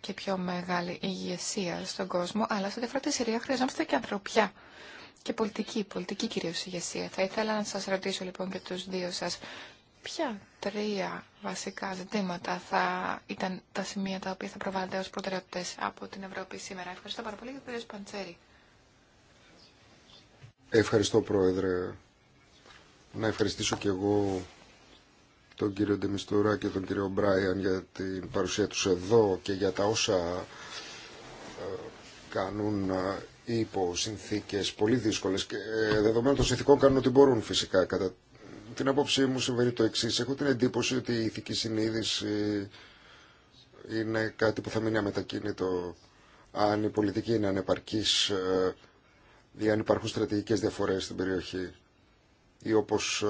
και πιο μεγάλη ηγεσία στον κόσμο, αλλά σε διαφορά τη Συρία χρειαζόμαστε και ανθρωπιά και πολιτική, πολιτική κυρίω ηγεσία. Θα ήθελα να σα ρωτήσω λοιπόν και του δύο σας, ποια τρία βασικά ζητήματα θα ήταν τα σημεία τα οποία θα προβάλλετε ω προτεραιότητε από την Ευρώπη σήμερα. Ευχαριστώ πάρα πολύ και Παντσέρη. Ευχαριστώ Πρόεδρε. Να ευχαριστήσω και εγώ τον κύριο Ντεμιστούρα και τον κύριο Μπράιαν για την παρουσία τους εδώ και για τα όσα ε, κάνουν ε, υπό συνθήκες πολύ δύσκολες και ε, δεδομένων των συνθήκων κάνουν ό,τι μπορούν φυσικά. Κατά την απόψή μου συμβαίνει το εξή. Έχω την εντύπωση ότι η ηθική συνείδηση είναι κάτι που θα μείνει αμετακίνητο αν η πολιτική είναι ανεπαρκής, αν υπάρχουν στρατηγικές διαφορές στην περιοχή ή όπως ε,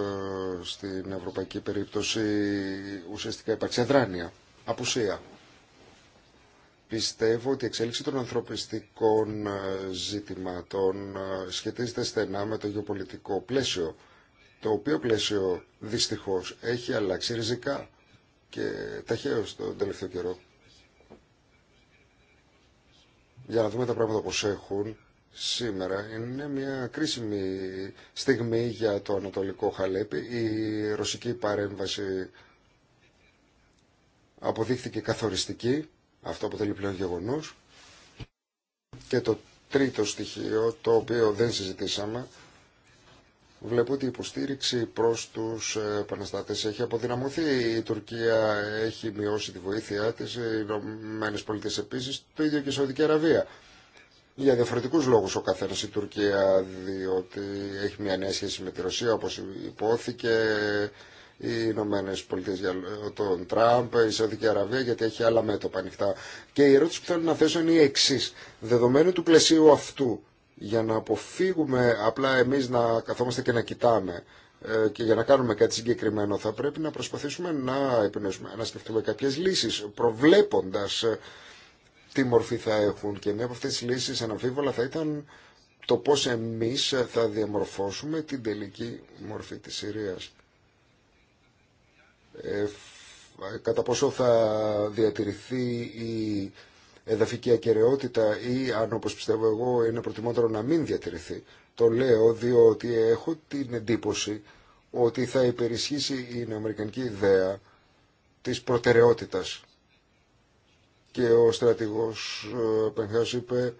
στην ευρωπαϊκή περίπτωση ουσιαστικά υπάρξει αδράνεια, απουσία. Πιστεύω ότι η εξέλιξη των ανθρωπιστικών ε, ζητημάτων ε, σχετίζεται στενά με το γεωπολιτικό πλαίσιο, το οποίο πλαίσιο δυστυχώς έχει αλλάξει ριζικά και ταχαίως τον τελευταίο καιρό. Για να δούμε τα πράγματα όπως έχουν, σήμερα. Είναι μια κρίσιμη στιγμή για το Ανατολικό Χαλέπι. Η ρωσική παρέμβαση αποδείχθηκε καθοριστική. Αυτό αποτελεί πλέον γεγονός. Και το τρίτο στοιχείο, το οποίο δεν συζητήσαμε, βλέπω ότι η υποστήριξη προς τους ε, επαναστάτες έχει αποδυναμωθεί. Η Τουρκία έχει μειώσει τη βοήθειά της, οι Ηνωμένες Πολιτείες επίσης, το ίδιο και η Σαουδική Αραβία για διαφορετικούς λόγους ο καθένας η Τουρκία διότι έχει μια νέα σχέση με τη Ρωσία όπως υπόθηκε οι Ηνωμένε Πολιτείε για τον Τραμπ, η Σαουδική Αραβία, γιατί έχει άλλα μέτωπα ανοιχτά. Και η ερώτηση που θέλω να θέσω είναι η εξή. Δεδομένου του πλαισίου αυτού, για να αποφύγουμε απλά εμεί να καθόμαστε και να κοιτάμε ε, και για να κάνουμε κάτι συγκεκριμένο θα πρέπει να προσπαθήσουμε να να σκεφτούμε κάποιες λύσεις προβλέποντας ε, τι μορφή θα έχουν και μία από αυτές τις λύσεις αναμφίβολα θα ήταν το πώς εμείς θα διαμορφώσουμε την τελική μορφή της Συρίας. Ε, κατά πόσο θα διατηρηθεί η εδαφική ακαιρεότητα ή αν όπως πιστεύω εγώ είναι προτιμότερο να μην διατηρηθεί. Το λέω διότι έχω την εντύπωση ότι θα υπερισχύσει η νεοαμερικανική ιδέα της προτεραιότητας και ο στρατηγός ε, Πενχέας είπε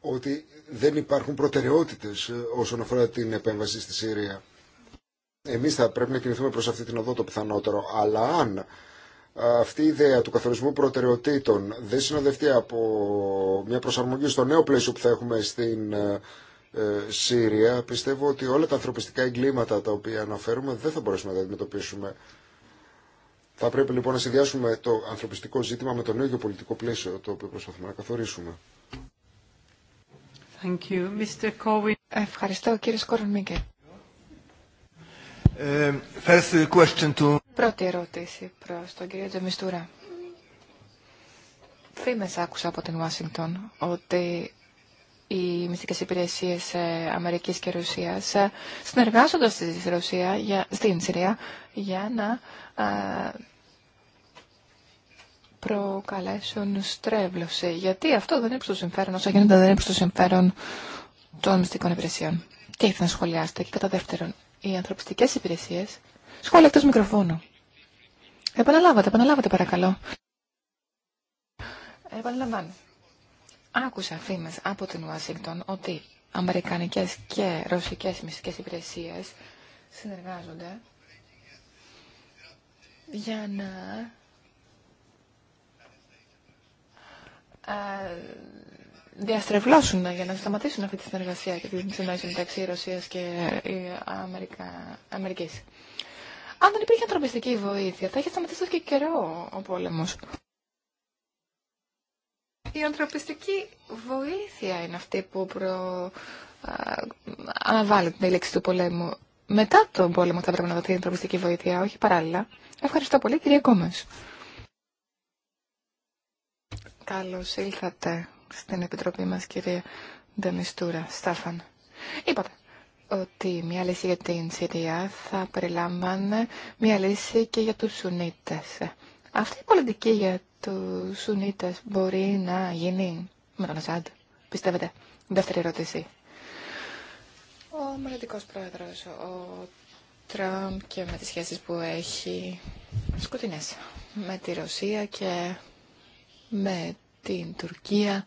ότι δεν υπάρχουν προτεραιότητες ε, όσον αφορά την επέμβαση στη Συρία. Εμείς θα πρέπει να κινηθούμε προς αυτή την οδό το πιθανότερο, αλλά αν αυτή η ιδέα του καθορισμού προτεραιοτήτων δεν συνοδευτεί από μια προσαρμογή στο νέο πλαίσιο που θα έχουμε στην ε, Σύρια, πιστεύω ότι όλα τα ανθρωπιστικά εγκλήματα τα οποία αναφέρουμε δεν θα μπορέσουμε να τα αντιμετωπίσουμε θα πρέπει λοιπόν να συνδυάσουμε το ανθρωπιστικό ζήτημα με το νέο πολιτικό πλαίσιο το οποίο προσπαθούμε να καθορίσουμε. Thank you. Mr. Ευχαριστώ κύριε Σκορονμίγκε. Ε, to... Πρώτη ερώτηση προς τον κύριο Τζεμιστούρα. Φήμες άκουσα από την Ουάσιγκτον ότι οι μυστικές υπηρεσίες ε, Αμερικής και Ρωσίας ε, συνεργάζοντας στη Ρωσία, για, στην Συρία για να ε, προκαλέσουν στρέβλωση. Γιατί αυτό δεν είναι προς το συμφέρον, όσο γίνεται δεν είναι στο συμφέρον των μυστικών υπηρεσιών. Και ήθελα να σχολιάσετε. Και κατά δεύτερον, οι ανθρωπιστικές υπηρεσίες σχόλια εκτός μικροφώνου. Επαναλάβατε, επαναλάβατε παρακαλώ. Επαναλαμβάνω. Άκουσα φήμες από την Ουάσιγκτον ότι αμερικανικές και ρωσικές μυστικές υπηρεσίες συνεργάζονται για να ε, διαστρεβλώσουν για να σταματήσουν αυτή τη συνεργασία και την συνόηση μεταξύ Ρωσίας και ε, Αμερικα... Αμερικής. Αν δεν υπήρχε ανθρωπιστική βοήθεια, θα είχε σταματήσει και καιρό ο πόλεμος. Η ανθρωπιστική βοήθεια είναι αυτή που προ... αναβάλλει την έλεξη του πολέμου. Μετά τον πόλεμο θα πρέπει να δοθεί η ανθρωπιστική βοήθεια, όχι παράλληλα. Ευχαριστώ πολύ, κυρία Κόμες. Καλώς ήλθατε στην Επιτροπή μας, κυρία Ντεμιστούρα Στάφαν. Είπατε ότι μια λύση για την Συρία θα περιλάμβανε μια λύση και για τους Σουνίτες. Αυτή η πολιτική για του σουνίτε μπορεί να γίνει με τον Ασάντ, πιστεύετε. Δεύτερη ερώτηση. Ο μελλοντικό πρόεδρο, ο Τραμπ και με τι σχέσεις που έχει σκοτεινέ με τη Ρωσία και με την Τουρκία.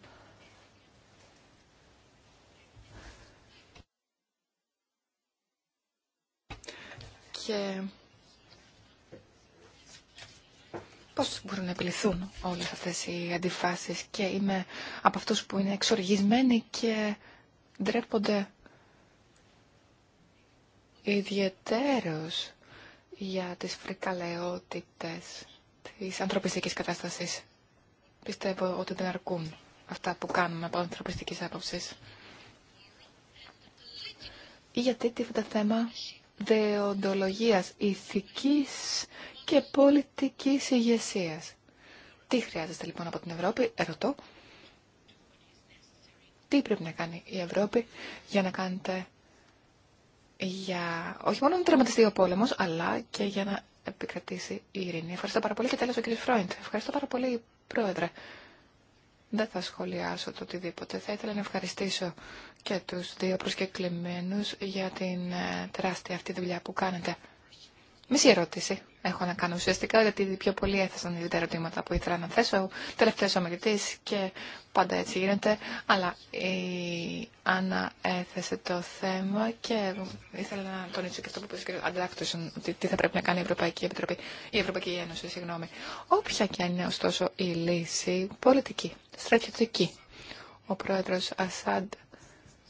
Και πώς μπορούν να επιληθούν όλες αυτές οι αντιφάσεις και είμαι από αυτούς που είναι εξοργισμένοι και ντρέπονται ιδιαιτέρως για τις φρικαλαιότητες της ανθρωπιστικής κατάστασης. Πιστεύω ότι δεν αρκούν αυτά που κάνουμε από ανθρωπιστικής άποψης. Ή γιατί τίθεται θέμα δεοντολογίας, ηθικής και πολιτική ηγεσία. Τι χρειάζεται λοιπόν από την Ευρώπη, ερωτώ. Τι πρέπει να κάνει η Ευρώπη για να κάνετε για όχι μόνο να τραυματιστεί ο πόλεμος, αλλά και για να επικρατήσει η ειρήνη. Ευχαριστώ πάρα πολύ και τέλος ο κ. Φρόιντ. Ευχαριστώ πάρα πολύ, Πρόεδρε. Δεν θα σχολιάσω το οτιδήποτε. Θα ήθελα να ευχαριστήσω και τους δύο προσκεκλημένους για την ε, τεράστια αυτή δουλειά που κάνετε. Μισή ερώτηση έχω να κάνω ουσιαστικά, γιατί πιο πολλοί έθεσαν ήδη τα ερωτήματα που ήθελα να θέσω. Τελευταίο ομιλητή και πάντα έτσι γίνεται. Αλλά η Άννα έθεσε το θέμα και ήθελα να τονίσω και αυτό που είπε ο κ. ότι τι θα πρέπει να κάνει η Ευρωπαϊκή Επιτροπή, η Ευρωπαϊκή Ένωση, συγγνώμη. Όποια και αν είναι ωστόσο η λύση, πολιτική, στρατιωτική. Ο πρόεδρο Ασάντ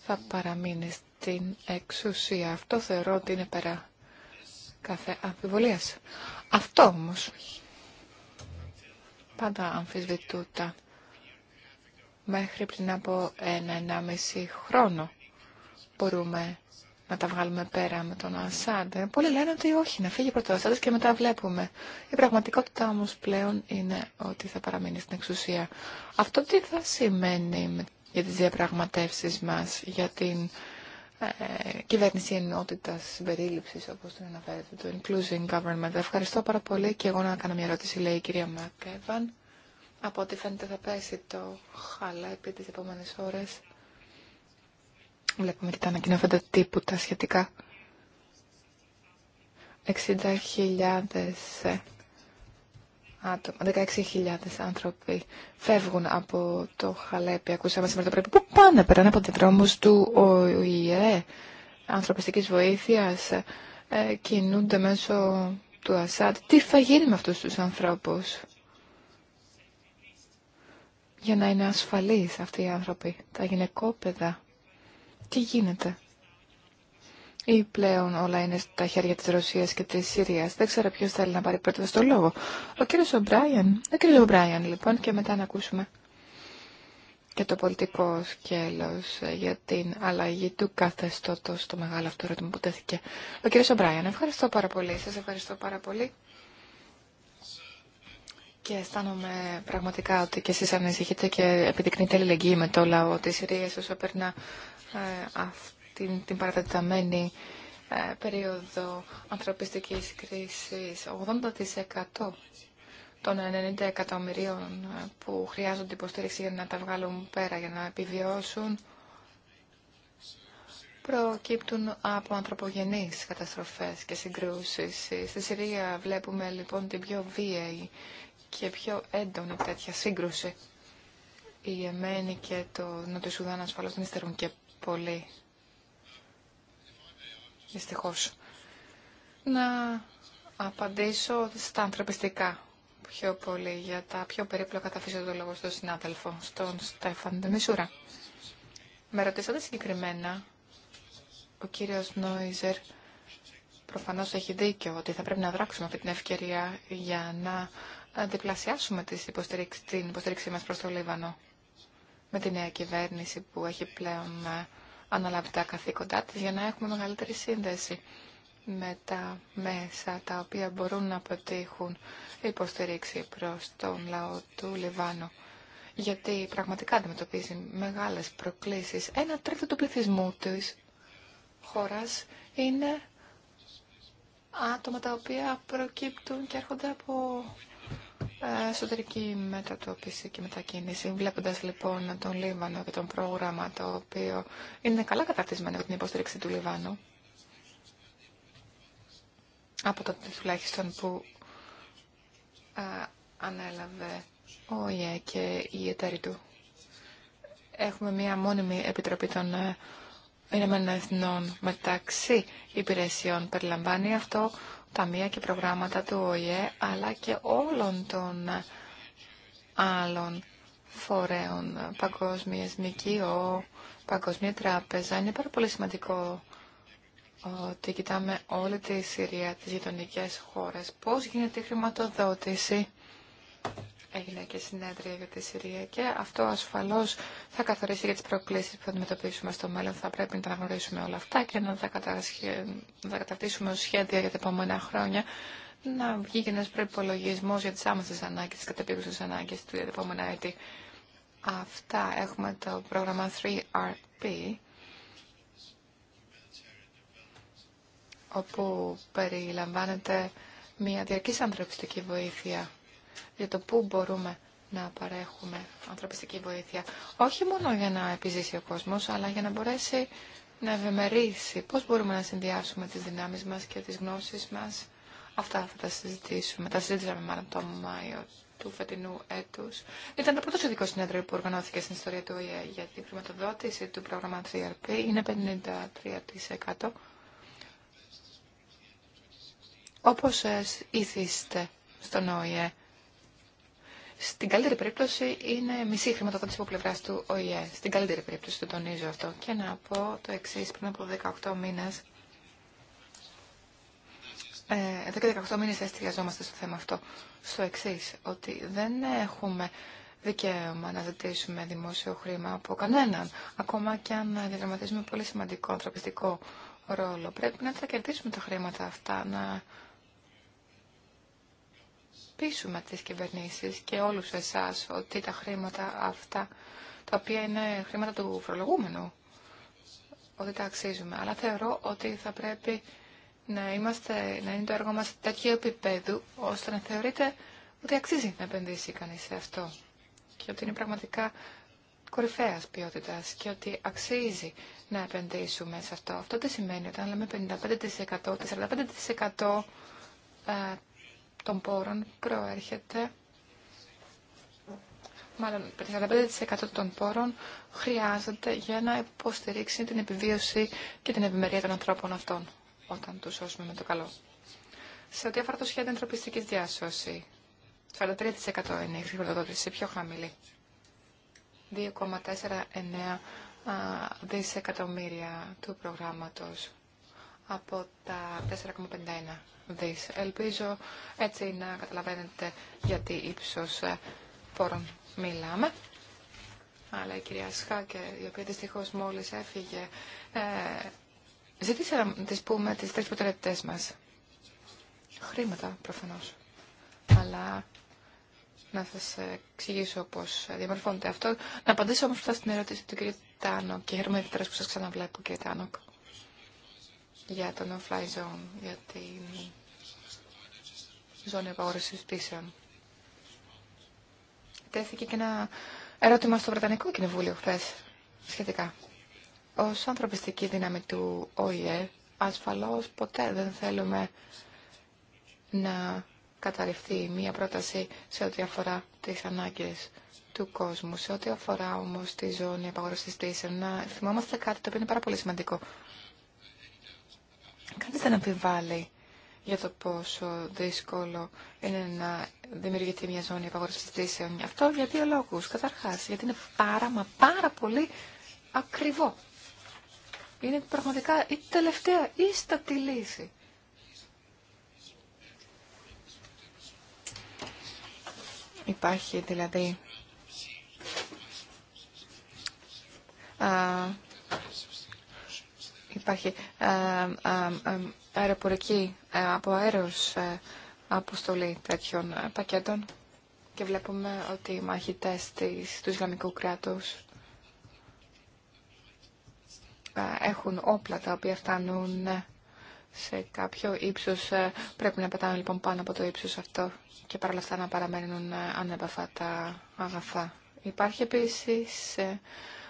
θα παραμείνει στην εξουσία. Αυτό θεωρώ ότι είναι πέρα κάθε αμφιβολίας. Αυτό όμως πάντα αμφισβητούτα μέχρι πριν από ένα-ενάμιση χρόνο μπορούμε να τα βγάλουμε πέρα με τον Ασάντ. Ε, πολλοί λένε ότι όχι, να φύγει πρώτα ο Ασάντ και μετά βλέπουμε. Η πραγματικότητα όμω πλέον είναι ότι θα παραμείνει στην εξουσία. Αυτό τι θα σημαίνει για τι διαπραγματεύσει μα για την ε, κυβέρνηση ενότητα συμπερίληψη, όπω τον αναφέρετε, το Inclusion Government. Ευχαριστώ πάρα πολύ και εγώ να κάνω μια ερώτηση, λέει η κυρία Μακέβαν. Από ό,τι φαίνεται θα πέσει το χάλα επί τι επόμενε ώρες Βλέπουμε και τα ανακοινώθεντα τύπου τα σχετικά. 60.000 άτομα, 16.000 άνθρωποι φεύγουν από το Χαλέπι. Ακούσαμε σήμερα το πρέπει που πάνε, περνάνε από δρόμους του ΟΗΕ, ανθρωπιστικής βοήθειας, ε, κινούνται μέσω του Ασάτ. Τι θα γίνει με αυτούς τους ανθρώπους για να είναι ασφαλείς αυτοί οι άνθρωποι, τα γυναικόπαιδα. Τι γίνεται ή πλέον όλα είναι στα χέρια της Ρωσίας και της Συρίας. Δεν ξέρω ποιος θέλει να πάρει πρώτα στο λόγο. Ο κύριος Ομπράιαν, ο κύριος Ομπράιαν λοιπόν και μετά να ακούσουμε και το πολιτικό σκέλος ε, για την αλλαγή του καθεστώτος στο μεγάλο αυτό ερώτημα που τέθηκε. Ο κύριος Ομπράιαν, ευχαριστώ πάρα πολύ. Σας ευχαριστώ πάρα πολύ. Και αισθάνομαι πραγματικά ότι και εσείς ανησυχείτε και επιδεικνύετε αλληλεγγύη με το λαό της Συρίας όσο περνά ε, την, την παρατεταμένη ε, περίοδο ανθρωπιστικής κρίσης. 80% των 90 εκατομμυρίων ε, που χρειάζονται υποστήριξη για να τα βγάλουν πέρα, για να επιβιώσουν, προκύπτουν από ανθρωπογενείς καταστροφές και συγκρούσεις. Στη Συρία βλέπουμε λοιπόν την πιο βίαιη και πιο έντονη τέτοια σύγκρουση. Η Εμένη και το Νότιο Σουδάν ασφαλώς δεν υστερούν και πολύ δυστυχώς, να απαντήσω στα ανθρωπιστικά πιο πολύ για τα πιο περίπλοκα τα αφήσω το λόγο στον συνάδελφο, στον Στέφαν Δεμισούρα. Με ρωτήσατε συγκεκριμένα, ο κύριος Νόιζερ προφανώς έχει δίκιο ότι θα πρέπει να δράξουμε αυτή την ευκαιρία για να αντιπλασιάσουμε την υποστήριξή μας προς το Λίβανο με τη νέα κυβέρνηση που έχει πλέον ε, αναλάβει τα καθήκοντά της για να έχουμε μεγαλύτερη σύνδεση με τα μέσα τα οποία μπορούν να πετύχουν υποστηρίξη προς τον λαό του Λιβάνου. Γιατί πραγματικά αντιμετωπίζει μεγάλες προκλήσεις. Ένα τρίτο του πληθυσμού της χώρας είναι άτομα τα οποία προκύπτουν και έρχονται από εσωτερική μετατόπιση και μετακίνηση. Βλέποντα λοιπόν τον Λίβανο και τον πρόγραμμα το οποίο είναι καλά καταρτισμένο από την υποστήριξη του Λιβάνου, από το τουλάχιστον που α, ανέλαβε ο ΙΕ και η εταιρή του. Έχουμε μία μόνιμη επιτροπή των ε, Ηνωμένων Εθνών μεταξύ υπηρεσιών. Περιλαμβάνει αυτό ταμεία και προγράμματα του ΟΗΕ, αλλά και όλων των άλλων φορέων, παγκόσμιες ΜΚΟ, Παγκοσμία Τράπεζα. Είναι πάρα πολύ σημαντικό ότι κοιτάμε όλη τη Συρία, τις γειτονικέ χώρες. Πώς γίνεται η χρηματοδότηση έγινε και συνέδρια για τη Συρία και αυτό ασφαλώς θα καθορίσει για τις προκλήσεις που θα αντιμετωπίσουμε στο μέλλον. Θα πρέπει να τα αναγνωρίσουμε όλα αυτά και να τα, κατασχε... καταρτήσουμε ως σχέδια για τα επόμενα χρόνια να βγει και ένας προπολογισμό για τις άμεσες ανάγκες, τις κατεπίγουσες ανάγκες του επόμενα έτη. Αυτά έχουμε το πρόγραμμα 3RP όπου περιλαμβάνεται μια διαρκής ανθρωπιστική βοήθεια για το πού μπορούμε να παρέχουμε ανθρωπιστική βοήθεια. Όχι μόνο για να επιζήσει ο κόσμος, αλλά για να μπορέσει να ευεμερίσει. Πώς μπορούμε να συνδυάσουμε τις δυνάμεις μας και τις γνώσεις μας. Αυτά θα τα συζητήσουμε. Τα συζήτησαμε μάλλον το Μάιο του φετινού έτου. Ήταν το πρώτο σχετικό συνέδριο που οργανώθηκε στην ιστορία του ΟΗΕ για την χρηματοδότηση του πρόγραμμα e Είναι 53%. Όπως ε, ήθιστε στον ΟΗΕ στην καλύτερη περίπτωση είναι μισή χρηματοδότηση από πλευρά του ΟΗΕ. Στην καλύτερη περίπτωση το τονίζω αυτό. Και να πω το εξή πριν από 18 μήνε. Εδώ και 18 μήνες εστιαζόμαστε στο θέμα αυτό. Στο εξή, ότι δεν έχουμε δικαίωμα να ζητήσουμε δημόσιο χρήμα από κανέναν, ακόμα και αν διαδραματίζουμε πολύ σημαντικό ανθρωπιστικό ρόλο. Πρέπει να τα κερδίσουμε τα χρήματα αυτά, να πείσουμε τις κυβερνήσεις και όλους εσάς ότι τα χρήματα αυτά, τα οποία είναι χρήματα του φορολογούμενου, ότι τα αξίζουμε. Αλλά θεωρώ ότι θα πρέπει να, είμαστε, να είναι το έργο μας τέτοιο επίπεδο, ώστε να θεωρείται ότι αξίζει να επενδύσει κανείς σε αυτό. Και ότι είναι πραγματικά κορυφαίας ποιότητας και ότι αξίζει να επενδύσουμε σε αυτό. Αυτό τι σημαίνει όταν λέμε 55%, 45% των πόρων προέρχεται μάλλον 45% των πόρων χρειάζεται για να υποστηρίξει την επιβίωση και την ευημερία των ανθρώπων αυτών, όταν τους σώσουμε με το καλό. Σε ό,τι αφορά το σχέδιο ανθρωπιστική διάσωση, 43% είναι η χρηματοδότηση, πιο χαμηλή. 2,49 δισεκατομμύρια του προγράμματος από τα 4,51 δις. Ελπίζω έτσι να καταλαβαίνετε γιατί ύψος ε, πόρων μιλάμε. Αλλά η κυρία Σχάκε, η οποία δυστυχώ μόλις έφυγε, ε, ζήτησε να της πούμε τις τρεις προτεραιότητες μας. Χρήματα, προφανώς. Αλλά να σας εξηγήσω πώς διαμορφώνεται αυτό. Να απαντήσω όμως αυτά στην ερώτηση του κ. Τάνοκ και χαίρομαι ιδιαίτερα που σας ξαναβλέπω κ. Τάνοκ για το no-fly zone, για την ζώνη απαγόρευσης πτήσεων. Τέθηκε και ένα ερώτημα στο Βρετανικό Κοινοβούλιο χθε σχετικά. Ω ανθρωπιστική δύναμη του ΟΗΕ, ασφαλώς ποτέ δεν θέλουμε να καταρριφθεί μία πρόταση σε ό,τι αφορά τις ανάγκες του κόσμου, σε ό,τι αφορά όμως τη ζώνη απαγόρευση πτήσεων. Να θυμόμαστε κάτι το οποίο είναι πάρα πολύ σημαντικό Κανείς δεν αμφιβάλλει για το πόσο δύσκολο είναι να δημιουργηθεί μια ζώνη απαγόρευσης πτήσεων. Αυτό για δύο λόγους. Καταρχάς, γιατί είναι πάρα μα πάρα πολύ ακριβό. Είναι πραγματικά η τελευταία ίστατη λύση. Υπάρχει δηλαδή α, Υπάρχει ε, ε, ε αεροπορική ε, από αέρος ε, αποστολή τέτοιων πακέτων και βλέπουμε ότι οι μαχητές της, του Ισλαμικού κράτους έχουν όπλα τα οποία φτάνουν σε κάποιο ύψος. Πρέπει να πετάνε λοιπόν πάνω από το ύψος αυτό και παρόλα αυτά να παραμένουν ανέπαφα τα αγαθά. Υπάρχει επίσης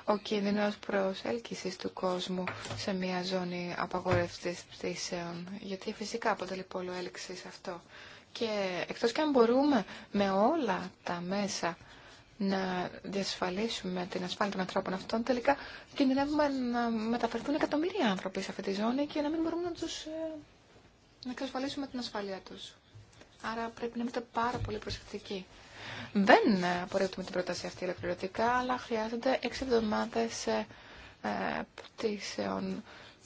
ο κίνδυνος προσέλκυσης του κόσμου σε μια ζώνη απαγορευτής πτήσεων, γιατί φυσικά αποτελεί πόλο έλξης αυτό. Και εκτός και αν μπορούμε με όλα τα μέσα να διασφαλίσουμε την ασφάλεια των ανθρώπων αυτών, τελικά κινδυνεύουμε να μεταφερθούν εκατομμύρια άνθρωποι σε αυτή τη ζώνη και να μην μπορούμε να τους ε, να εξασφαλίσουμε την ασφάλειά τους. Άρα πρέπει να είμαστε πάρα πολύ προσεκτικοί δεν απορρίπτουμε την πρόταση αυτή ολοκληρωτικά, αλλά χρειάζονται έξι εβδομάδε ε, ε, πτήσεων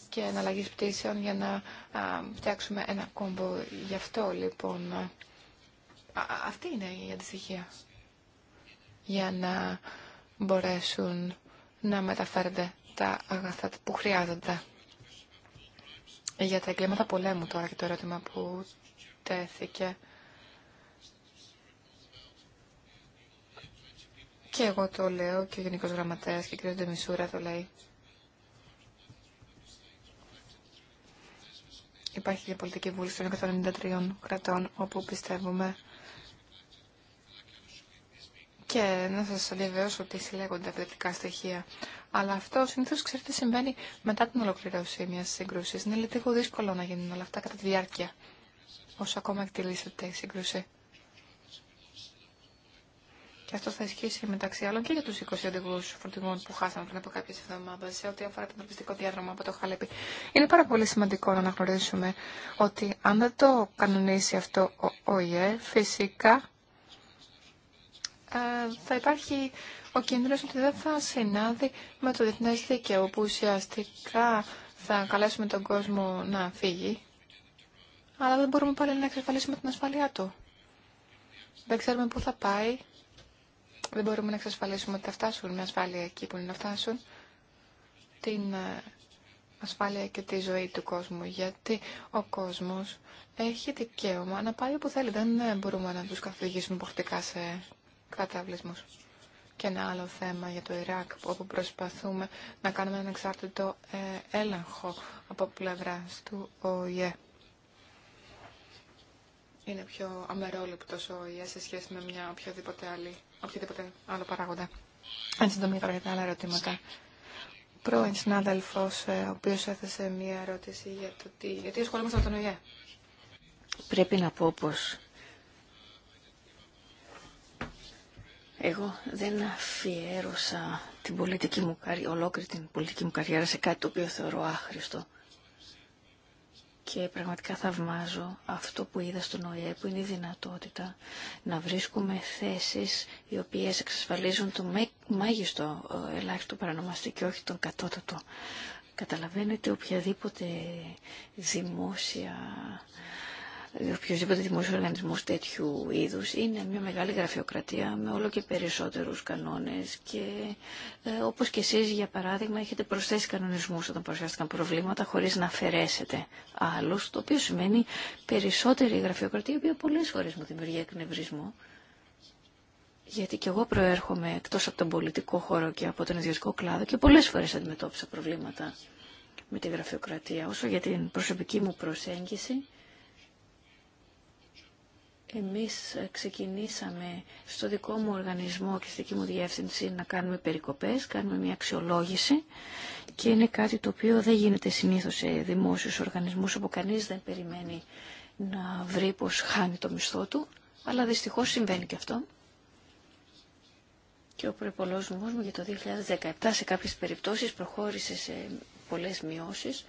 και εναλλαγή πτήσεων για να φτιάξουμε ένα κόμπο. Γι' αυτό λοιπόν. Ε, αυτή είναι η αντιστοιχία. Για να μπορέσουν να μεταφέρονται τα αγαθά που χρειάζονται. Για τα εγκλήματα πολέμου τώρα και το ερώτημα που τέθηκε. Και εγώ το λέω και ο Γενικό Γραμματέα και ο κ. Ντεμισούρα το λέει. Υπάρχει και πολιτική βούληση των 193 κρατών όπου πιστεύουμε. Και να σας διαβεβαιώσω ότι συλλέγονται αθλητικά στοιχεία. Αλλά αυτό συνήθω ξέρετε συμβαίνει μετά την ολοκληρώση μια σύγκρουση. Είναι λίγο δύσκολο να γίνουν όλα αυτά κατά τη διάρκεια όσο ακόμα εκτελήσεται η σύγκρουση. Και αυτό θα ισχύσει μεταξύ άλλων και για του 20 οδηγού φορτηγών που χάσαμε πριν από κάποιε εβδομάδε σε ό,τι αφορά τον ανθρωπιστικό διάδρομο από το Χαλέπι. Είναι πάρα πολύ σημαντικό να αναγνωρίσουμε ότι αν δεν το κανονίσει αυτό ο ΟΗΕ, φυσικά ε, θα υπάρχει ο κίνδυνο ότι δεν θα συνάδει με το διεθνέ δίκαιο, που ουσιαστικά θα καλέσουμε τον κόσμο να φύγει, αλλά δεν μπορούμε πάλι να εξασφαλίσουμε την ασφαλεία του. Δεν ξέρουμε πού θα πάει δεν μπορούμε να εξασφαλίσουμε ότι θα φτάσουν με ασφάλεια εκεί που είναι να φτάσουν την ε, ασφάλεια και τη ζωή του κόσμου. Γιατί ο κόσμο έχει δικαίωμα να πάει όπου θέλει. Δεν ε, μπορούμε να του καθοδηγήσουμε υποχρεωτικά σε κατάβλισμου. Και ένα άλλο θέμα για το Ιράκ, όπου προσπαθούμε να κάνουμε ένα εξάρτητο ε, έλεγχο από πλευρά του ΟΗΕ. Είναι πιο αμερόληπτο ο ΟΗΕ σε σχέση με μια οποιαδήποτε άλλη οποιοδήποτε άλλο παράγοντα. Έτσι το τώρα για τα άλλα ερωτήματα. Πρώην συνάδελφο, ε, ο οποίο έθεσε μία ερώτηση για το τι, γιατί ασχολούμαστε με τον ΟΗΕ. Πρέπει να πω πω Εγώ δεν αφιέρωσα την πολιτική μου, ολόκληρη την πολιτική μου καριέρα σε κάτι το οποίο θεωρώ άχρηστο και πραγματικά θαυμάζω αυτό που είδα στον ΟΗΕ που είναι η δυνατότητα να βρίσκουμε θέσεις οι οποίες εξασφαλίζουν το μάγιστο ε, ελάχιστο παρανομαστή και όχι τον κατώτατο. Καταλαβαίνετε οποιαδήποτε δημόσια οποιοδήποτε δημόσιο οργανισμό τέτοιου είδου είναι μια μεγάλη γραφειοκρατία με όλο και περισσότερου κανόνε. Και ε, όπω και εσεί, για παράδειγμα, έχετε προσθέσει κανονισμού όταν παρουσιάστηκαν προβλήματα χωρί να αφαιρέσετε άλλου, το οποίο σημαίνει περισσότερη γραφειοκρατία, η οποία πολλέ φορέ μου δημιουργεί εκνευρισμό. Γιατί και εγώ προέρχομαι εκτό από τον πολιτικό χώρο και από τον ιδιωτικό κλάδο και πολλέ φορέ αντιμετώπισα προβλήματα με τη γραφειοκρατία. Όσο για την προσωπική μου προσέγγιση, εμείς ξεκινήσαμε στο δικό μου οργανισμό και στη δική μου διεύθυνση να κάνουμε περικοπές, κάνουμε μια αξιολόγηση και είναι κάτι το οποίο δεν γίνεται συνήθως σε δημόσιους οργανισμούς όπου κανείς δεν περιμένει να βρει πως χάνει το μισθό του, αλλά δυστυχώς συμβαίνει και αυτό. Και ο προπολογισμό μου για το 2017 σε κάποιες περιπτώσεις προχώρησε σε πολλές μειώσεις.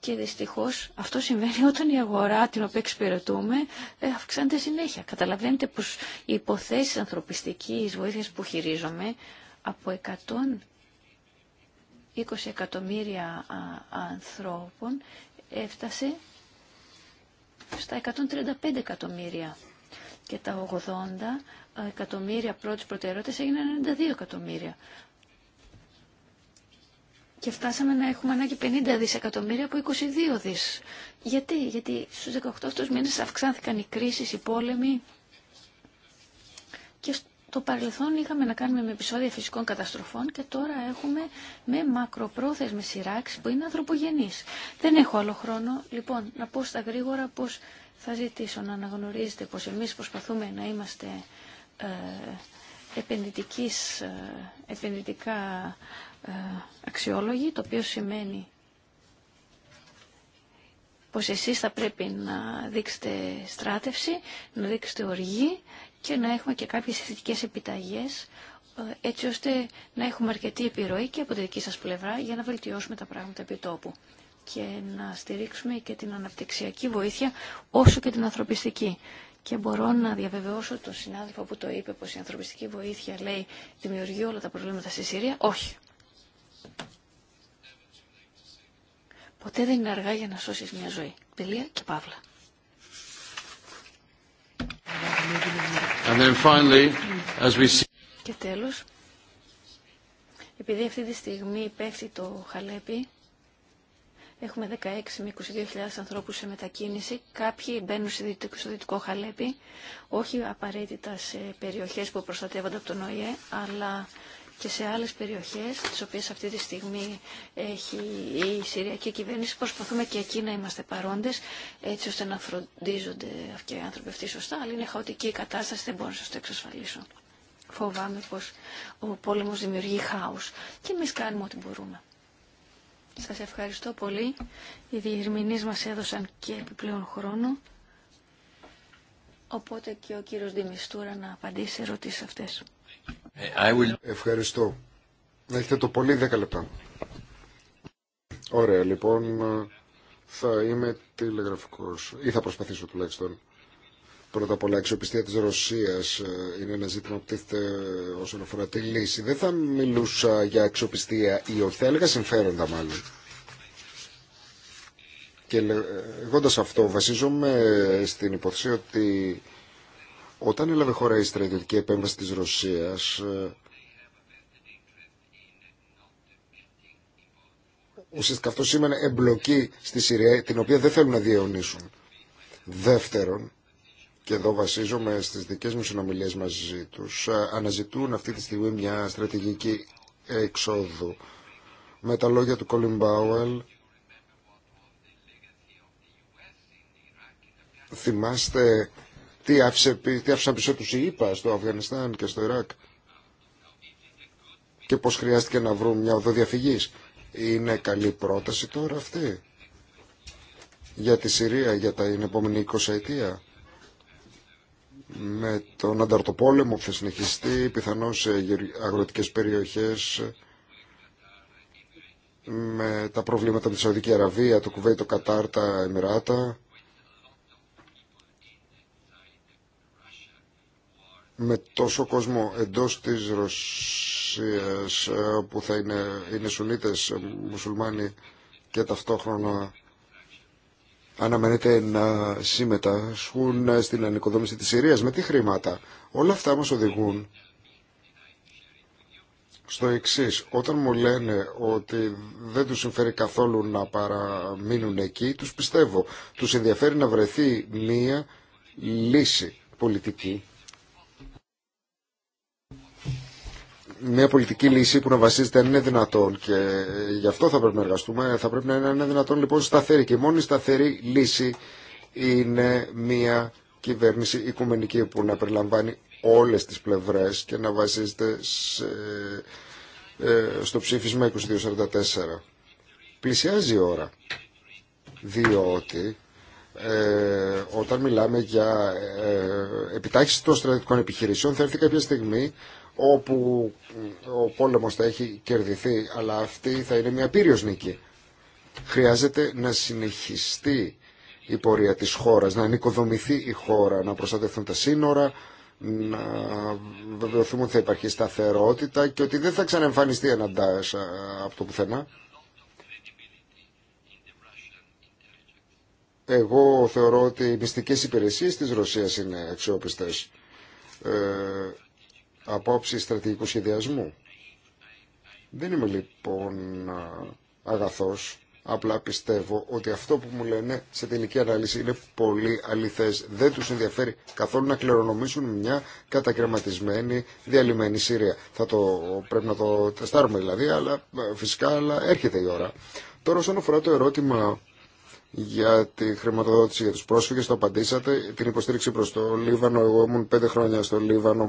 Και δυστυχώ αυτό συμβαίνει όταν η αγορά την οποία εξυπηρετούμε ε, αυξάνεται συνέχεια. Καταλαβαίνετε πως οι υποθέσεις ανθρωπιστικής βοήθειας που χειρίζομαι από 120 εκατομμύρια ανθρώπων έφτασε στα 135 εκατομμύρια και τα 80 εκατομμύρια πρώτη προτεραιότητα έγιναν 92 εκατομμύρια και φτάσαμε να έχουμε ανάγκη 50 δισεκατομμύρια από 22 δις. Γιατί, γιατί στους 18 αυτούς μήνες αυξάνθηκαν οι κρίσεις, οι πόλεμοι και στο παρελθόν είχαμε να κάνουμε με επεισόδια φυσικών καταστροφών και τώρα έχουμε με μακροπρόθεσμες σειράξεις που είναι ανθρωπογενείς. Δεν έχω άλλο χρόνο. Λοιπόν, να πω στα γρήγορα πως θα ζητήσω να αναγνωρίζετε πως εμείς προσπαθούμε να είμαστε ε, επενδυτικής, ε, επενδυτικά ε, αξιόλογοι, το οποίο σημαίνει πως εσείς θα πρέπει να δείξετε στράτευση, να δείξετε οργή και να έχουμε και κάποιες θετικές επιταγές ε, έτσι ώστε να έχουμε αρκετή επιρροή και από τη δική σας πλευρά για να βελτιώσουμε τα πράγματα επί τόπου και να στηρίξουμε και την αναπτυξιακή βοήθεια όσο και την ανθρωπιστική. Και μπορώ να διαβεβαιώσω τον συνάδελφο που το είπε πως η ανθρωπιστική βοήθεια λέει δημιουργεί όλα τα προβλήματα στη Συρία. Όχι. Ποτέ δεν είναι αργά για να σώσεις μια ζωή. Τελεία και παύλα. Και τέλος, επειδή αυτή τη στιγμή πέφτει το χαλέπι, έχουμε 16 με 22.000 ανθρώπους σε μετακίνηση. Κάποιοι μπαίνουν στο δυτικό χαλέπι, όχι απαραίτητα σε περιοχές που προστατεύονται από τον ΟΗΕ, αλλά και σε άλλες περιοχές, τις οποίες αυτή τη στιγμή έχει η Συριακή κυβέρνηση. Προσπαθούμε και εκεί να είμαστε παρόντες, έτσι ώστε να φροντίζονται και οι άνθρωποι αυτοί σωστά, αλλά είναι χαοτική η κατάσταση, δεν μπορώ να σας το εξασφαλίσω. Φοβάμαι πως ο πόλεμος δημιουργεί χάος και εμεί κάνουμε ό,τι μπορούμε. Σας ευχαριστώ πολύ. Οι διερμηνείς μας έδωσαν και επιπλέον χρόνο. Οπότε και ο κύριος Δημιστούρα να απαντήσει σε ερωτήσεις αυτές. I will... Ευχαριστώ. Έχετε το πολύ 10 λεπτά. Ωραία, λοιπόν, θα είμαι τηλεγραφικός ή θα προσπαθήσω τουλάχιστον. Πρώτα απ' όλα, η αξιοπιστία της Ρωσίας ε, είναι ένα ζήτημα που τίθεται όσον αφορά τη λύση. Δεν θα μιλούσα για αξιοπιστία ή όχι, θα έλεγα συμφέροντα μάλλον. Και ε, ε, λέγοντας αυτό, βασίζομαι στην υπόθεση ότι όταν έλαβε χώρα η στρατιωτική επέμβαση της Ρωσίας, ε, ουσιαστικά αυτό σήμαινε εμπλοκή στη Συρία, την οποία δεν θέλουν να διαιωνίσουν. Δεύτερον, και εδώ βασίζομαι στις δικές μου συνομιλίες μαζί τους, ε, αναζητούν αυτή τη στιγμή μια στρατηγική εξόδου. Με τα λόγια του Colin Μπάουελ, θυμάστε τι, άφησαν πίσω τους οι ΙΠΑ στο Αφγανιστάν και στο Ιράκ και πώς χρειάστηκε να βρουν μια οδό διαφυγής. Είναι καλή πρόταση τώρα αυτή για τη Συρία για τα επόμενη 20 ετία με τον ανταρτοπόλεμο που θα συνεχιστεί πιθανώς σε αγροτικές περιοχές με τα προβλήματα με τη Σαουδική Αραβία, το Κουβέι, το Κατάρ, τα Εμμυράτα με τόσο κόσμο εντός της Ρωσίας ε, που θα είναι, είναι Σουνίτες, ε, Μουσουλμάνοι και ταυτόχρονα αναμένεται να συμμετάσχουν ε, στην ανοικοδόμηση της Συρίας με τι χρήματα. Όλα αυτά μας οδηγούν στο εξή. Όταν μου λένε ότι δεν τους συμφέρει καθόλου να παραμείνουν εκεί, τους πιστεύω. Τους ενδιαφέρει να βρεθεί μία λύση πολιτική μια πολιτική λύση που να βασίζεται είναι δυνατόν και γι' αυτό θα πρέπει να εργαστούμε. Θα πρέπει να είναι, δυνατόν λοιπόν σταθερή και η μόνη σταθερή λύση είναι μια κυβέρνηση οικουμενική που να περιλαμβάνει όλες τις πλευρές και να βασίζεται ε, στο ψήφισμα 2244. Πλησιάζει η ώρα, διότι ε, όταν μιλάμε για ε, ε επιτάχυση των στρατιωτικών επιχειρήσεων θα έρθει κάποια στιγμή όπου ο πόλεμος θα έχει κερδιθεί, αλλά αυτή θα είναι μια πύριος νίκη. Χρειάζεται να συνεχιστεί η πορεία της χώρας, να ανοικοδομηθεί η χώρα, να προστατευτούν τα σύνορα, να βεβαιωθούμε ότι θα υπάρχει σταθερότητα και ότι δεν θα ξαναεμφανιστεί ένα τάσσα από το πουθενά. Εγώ θεωρώ ότι οι μυστικές υπηρεσίες της Ρωσίας είναι αξιόπιστες. Ε, απόψη στρατηγικού σχεδιασμού. Δεν είμαι λοιπόν αγαθός, απλά πιστεύω ότι αυτό που μου λένε σε τελική ανάλυση είναι πολύ αληθές. Δεν τους ενδιαφέρει καθόλου να κληρονομήσουν μια κατακρεματισμένη, διαλυμένη Συρία. Θα το, πρέπει να το τεστάρουμε δηλαδή, αλλά ε, φυσικά αλλά έρχεται η ώρα. Τώρα όσον αφορά το ερώτημα για τη χρηματοδότηση για τους πρόσφυγες, το απαντήσατε. Την υποστήριξη προς το Λίβανο, εγώ ήμουν πέντε χρόνια στο Λίβανο,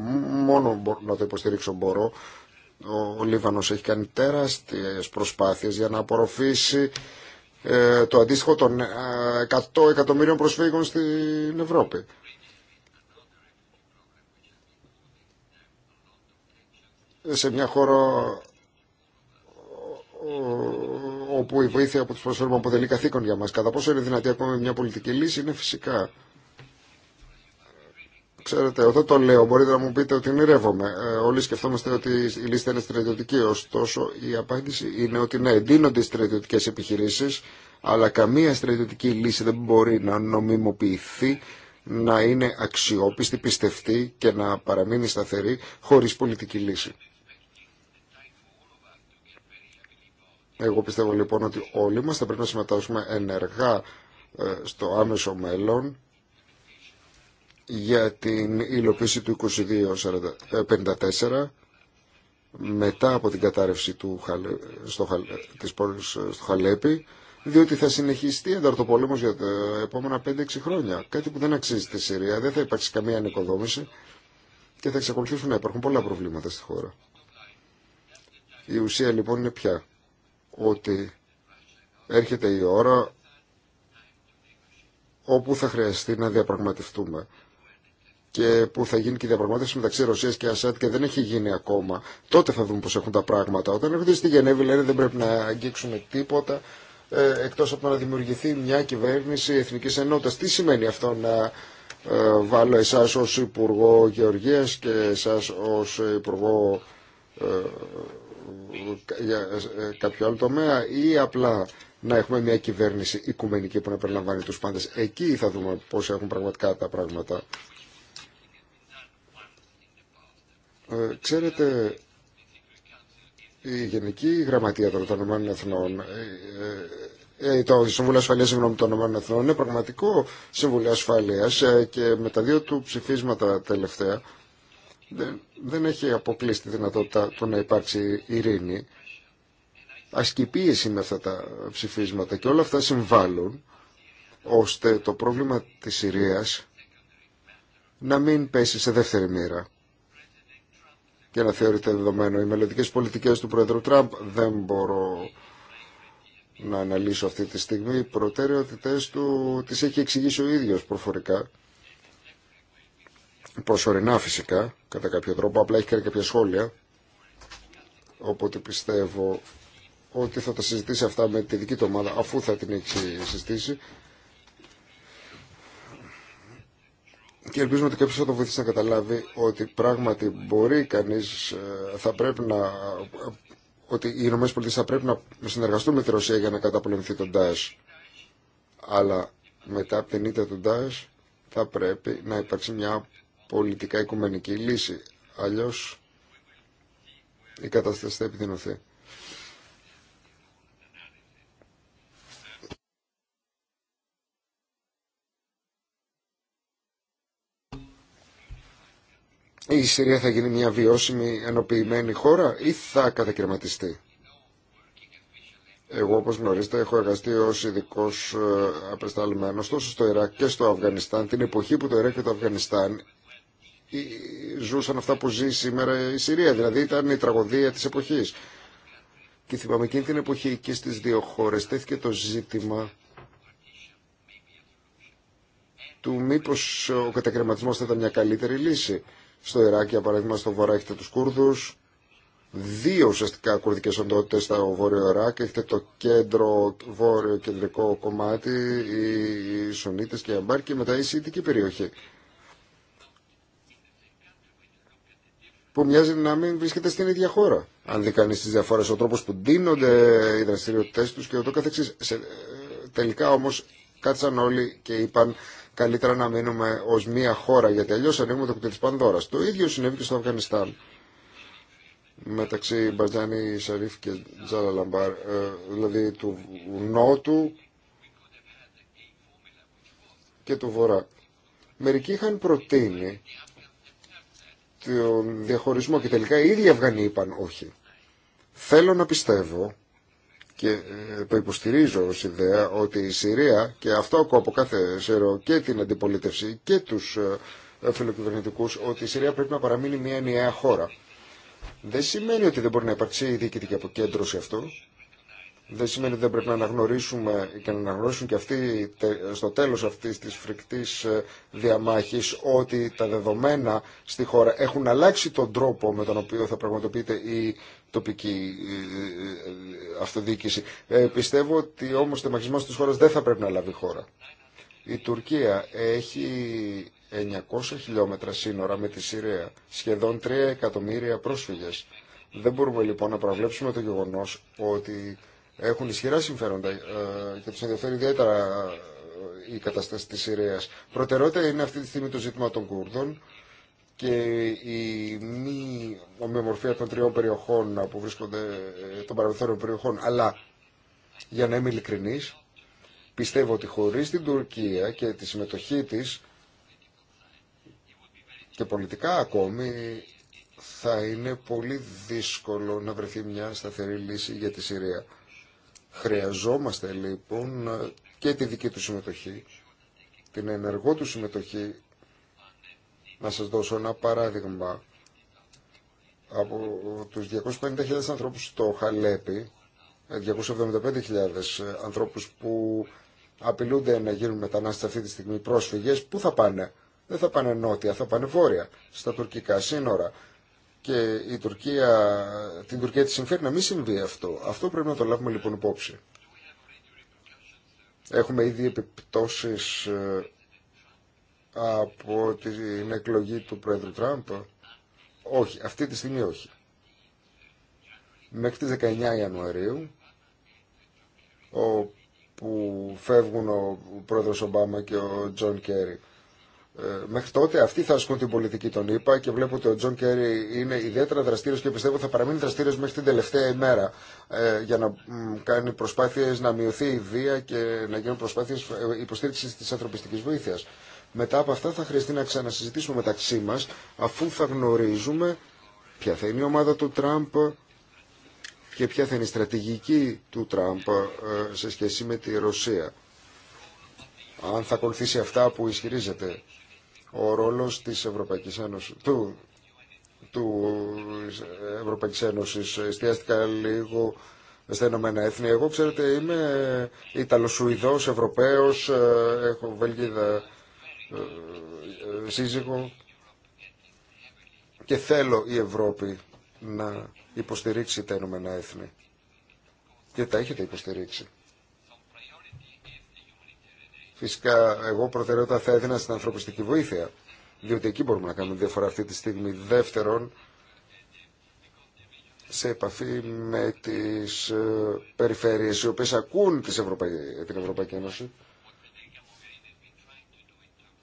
μόνο μπορώ να το υποστηρίξω μπορώ. Ο Λίβανος έχει κάνει τεράστιες προσπάθειες για να απορροφήσει ε, το αντίστοιχο των 100 ε, εκατομμύριων προσφύγων στην Ευρώπη. σε μια χώρα όπου η βοήθεια από του προσφέρουμε αποτελεί καθήκον για μα. Κατά πόσο είναι δυνατή ακόμα μια πολιτική λύση είναι φυσικά. Ξέρετε, όταν το λέω μπορείτε να μου πείτε ότι ονειρεύομαι. Ε, όλοι σκεφτόμαστε ότι η λίστα είναι στρατιωτική. Ωστόσο, η απάντηση είναι ότι ναι, εντείνονται οι στρατιωτικέ επιχειρήσει, αλλά καμία στρατιωτική λύση δεν μπορεί να νομιμοποιηθεί, να είναι αξιόπιστη, πιστευτή και να παραμείνει σταθερή χωρί πολιτική λύση. Εγώ πιστεύω λοιπόν ότι όλοι μας θα πρέπει να συμμετάσχουμε ενεργά ε, στο άμεσο μέλλον για την υλοποίηση του 2254 ε, μετά από την κατάρρευση του, στο, της πόλης ε, στο Χαλέπι διότι θα συνεχιστεί ενταρτοπόλεμος για τα επόμενα 5-6 χρόνια. Κάτι που δεν αξίζει στη Συρία, δεν θα υπάρξει καμία ανοικοδόμηση και θα εξακολουθήσουν να υπάρχουν πολλά προβλήματα στη χώρα. Η ουσία λοιπόν είναι πια ότι έρχεται η ώρα όπου θα χρειαστεί να διαπραγματευτούμε και που θα γίνει και η διαπραγμάτευση μεταξύ Ρωσία και Ασάτ και δεν έχει γίνει ακόμα. Τότε θα δούμε πώ έχουν τα πράγματα. Όταν έρχονται στη Γενέβη λένε δεν πρέπει να αγγίξουμε τίποτα ε, εκτό από να δημιουργηθεί μια κυβέρνηση εθνική ενότητα. Τι σημαίνει αυτό να ε, βάλω εσά ω Υπουργό Γεωργία και εσά ω Υπουργό ε, για ε, κάποιο άλλο τομέα ή απλά να έχουμε μια κυβέρνηση οικουμενική που να περιλαμβάνει τους πάντες. Εκεί θα δούμε πώς έχουν πραγματικά τα πράγματα. Ε, ξέρετε, η Γενική Γραμματεία των Ηνωμένων Εθνών, ε, ε, ε το Συμβούλιο Ασφαλείας συγγνώμη, των Ηνωμένων Εθνών είναι πραγματικό Συμβούλιο Ασφαλείας και με τα δύο του ψηφίσματα τελευταία δεν δεν έχει αποκλείσει τη δυνατότητα του να υπάρξει ειρήνη. Ασκηπίες είναι αυτά τα ψηφίσματα και όλα αυτά συμβάλλουν ώστε το πρόβλημα της Συρίας να μην πέσει σε δεύτερη μοίρα και να θεωρείται δεδομένο. Οι μελλοντικέ πολιτικές του Πρόεδρου Τραμπ δεν μπορώ να αναλύσω αυτή τη στιγμή. Οι προτεραιότητες του τις έχει εξηγήσει ο ίδιος προφορικά προσωρινά φυσικά, κατά κάποιο τρόπο, απλά έχει κάνει κάποια σχόλια. Οπότε πιστεύω ότι θα τα συζητήσει αυτά με τη δική του ομάδα, αφού θα την έχει συζητήσει. Και ελπίζουμε ότι κάποιο θα το βοηθήσει να καταλάβει ότι πράγματι μπορεί κανεί, ε, θα πρέπει να. ότι οι ΗΠΑ θα πρέπει να συνεργαστούν με τη Ρωσία για να καταπολεμηθεί τον ΤΑΣ. Αλλά μετά από την ήττα του ΤΑΣ θα πρέπει να υπάρξει μια πολιτικά οικουμενική λύση. Αλλιώς η κατάσταση θα επιδεινωθεί. Η Συρία θα γίνει μια βιώσιμη, ενοποιημένη χώρα ή θα κατακαιρματιστεί. Εγώ, όπως γνωρίζετε, έχω εργαστεί ως ειδικό ε, απεσταλμένος τόσο στο Ιράκ και στο Αφγανιστάν, την εποχή που το Ιράκ και το Αφγανιστάν ε, ζούσαν αυτά που ζει σήμερα η Συρία. Δηλαδή ήταν η τραγωδία της εποχής. Και θυμάμαι εκείνη την εποχή και στις δύο χώρες τέθηκε το ζήτημα του μήπως ο κατακρεματισμός θα ήταν μια καλύτερη λύση. Στο Ιράκ, για παράδειγμα, στο Βορρά έχετε τους Κούρδους, δύο ουσιαστικά κουρδικές οντότητες στο Βόρειο Ιράκ. Έχετε το κέντρο, βόρειο κεντρικό κομμάτι, οι Σουνίτες και οι Αμπάρκοι και μετά η Σιητική περιοχή. που μοιάζει να μην βρίσκεται στην ίδια χώρα. Αν δει κανεί τι διαφορέ, ο τρόπο που ντύνονται οι δραστηριότητέ του και ούτω καθεξή. Ε, τελικά όμω κάτσαν όλοι και είπαν καλύτερα να μείνουμε ω μία χώρα γιατί αλλιώ ανοίγουμε το κουτί τη Πανδώρα. Το ίδιο συνέβη και στο Αφγανιστάν μεταξύ Μπαρτζάνη Σαρίφ και Τζάλα Λαμπάρ, ε, δηλαδή του Νότου και του Βορρά. Μερικοί είχαν προτείνει τον διαχωρισμό και τελικά οι ίδιοι Αυγανοί είπαν όχι. Θέλω να πιστεύω και ε, το υποστηρίζω ως ιδέα ότι η Συρία και αυτό ακούω από κάθε σερό και την αντιπολίτευση και τους ε, φιλοκυβερνητικούς ότι η Συρία πρέπει να παραμείνει μια ενιαία χώρα. Δεν σημαίνει ότι δεν μπορεί να υπάρξει διοικητική αποκέντρωση αυτό δεν σημαίνει ότι δεν πρέπει να αναγνωρίσουμε και να αναγνωρίσουν και αυτοί στο τέλος αυτή της φρικτής ε, διαμάχης ότι τα δεδομένα στη χώρα έχουν αλλάξει τον τρόπο με τον οποίο θα πραγματοποιείται η τοπική ε, ε, αυτοδιοίκηση. πιστεύω ότι όμως το μαχισμός της χώρας δεν θα πρέπει να λάβει χώρα. Η Τουρκία έχει 900 χιλιόμετρα σύνορα με τη Συρία, σχεδόν 3 εκατομμύρια πρόσφυγες. Δεν μπορούμε λοιπόν να προβλέψουμε το γεγονός ότι έχουν ισχυρά συμφέροντα ε, και του ενδιαφέρει ιδιαίτερα ε, η κατάσταση της Συρίας. Προτεραιότητα είναι αυτή τη στιγμή το ζήτημα των Κούρδων και η μη ομοιομορφία των τριών περιοχών που βρίσκονται ε, των παραμεθόρων περιοχών. Αλλά για να είμαι ειλικρινή, πιστεύω ότι χωρίς την Τουρκία και τη συμμετοχή της και πολιτικά ακόμη θα είναι πολύ δύσκολο να βρεθεί μια σταθερή λύση για τη Συρία. Χρειαζόμαστε λοιπόν και τη δική του συμμετοχή, την ενεργό του συμμετοχή. Να σας δώσω ένα παράδειγμα. Από τους 250.000 ανθρώπους στο Χαλέπι, 275.000 ανθρώπους που απειλούνται να γίνουν μετανάστες αυτή τη στιγμή πρόσφυγες, πού θα πάνε. Δεν θα πάνε νότια, θα πάνε βόρεια, στα τουρκικά σύνορα και η Τουρκία, την Τουρκία τη συμφέρει να μην συμβεί αυτό. Αυτό πρέπει να το λάβουμε λοιπόν υπόψη. Έχουμε ήδη επιπτώσεις ε, από την εκλογή του Πρόεδρου Τραμπ. Όχι, αυτή τη στιγμή όχι. Μέχρι τις 19 Ιανουαρίου, όπου φεύγουν ο Πρόεδρος Ομπάμα και ο Τζον Κέρι. Ε, μέχρι τότε αυτοί θα ασκούν την πολιτική τον ΗΠΑ και βλέπω ότι ο Τζον Κέρι είναι ιδιαίτερα δραστήριο και πιστεύω θα παραμείνει δραστήριο μέχρι την τελευταία ημέρα ε, για να κάνει προσπάθειε να μειωθεί η βία και να γίνουν προσπάθειε υποστήριξη τη ανθρωπιστική βοήθεια. Μετά από αυτά θα χρειαστεί να ξανασυζητήσουμε μεταξύ μα αφού θα γνωρίζουμε ποια θα είναι η ομάδα του Τραμπ και ποια θα είναι η στρατηγική του Τραμπ ε, σε σχέση με τη Ρωσία. Αν θα ακολουθήσει αυτά που ισχυρίζεται ο ρόλος της Ευρωπαϊκής Ένωσης, του, του Ευρωπαϊκής Ένωσης. Εστιάστηκα λίγο στα Ηνωμένα Έθνη. Εγώ, ξέρετε, είμαι Ιταλοσουηδός, Ευρωπαίος, ε, έχω Βελγίδα ε, σύζυγο και θέλω η Ευρώπη να υποστηρίξει τα Ηνωμένα Έθνη. Και τα έχετε υποστηρίξει. Φυσικά, εγώ προτεραιότητα θα έδινα στην ανθρωπιστική βοήθεια, διότι εκεί μπορούμε να κάνουμε διαφορά αυτή τη στιγμή. Δεύτερον, σε επαφή με τις ε, περιφέρειες οι οποίε ακούν τις την Ευρωπαϊκή Ένωση.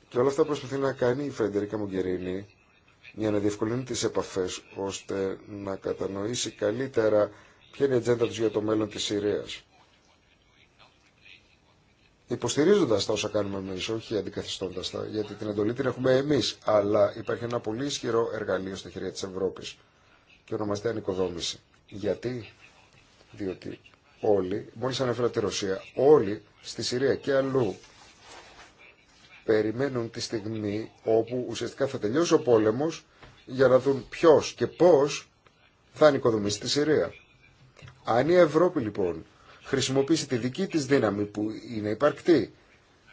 Και όλα αυτά προσπαθεί να κάνει η Φρεντερίκα Μογκερίνη για να διευκολύνει τις επαφές ώστε να κατανοήσει καλύτερα ποια είναι η ατζέντα του για το μέλλον της Συρίας. Υποστηρίζοντα τα όσα κάνουμε εμεί, όχι αντικαθιστώντας τα, γιατί την εντολή την έχουμε εμείς, αλλά υπάρχει ένα πολύ ισχυρό εργαλείο στα χέρια της Ευρώπης και ονομαστεί ανοικοδόμηση. Γιατί, διότι όλοι, μόλι ανέφερα τη Ρωσία, όλοι στη Συρία και αλλού περιμένουν τη στιγμή όπου ουσιαστικά θα τελειώσει ο πόλεμο για να δουν ποιο και πώ θα ανοικοδομήσει τη Συρία. Αν η Ευρώπη λοιπόν χρησιμοποιήσει τη δική της δύναμη που είναι υπαρκτή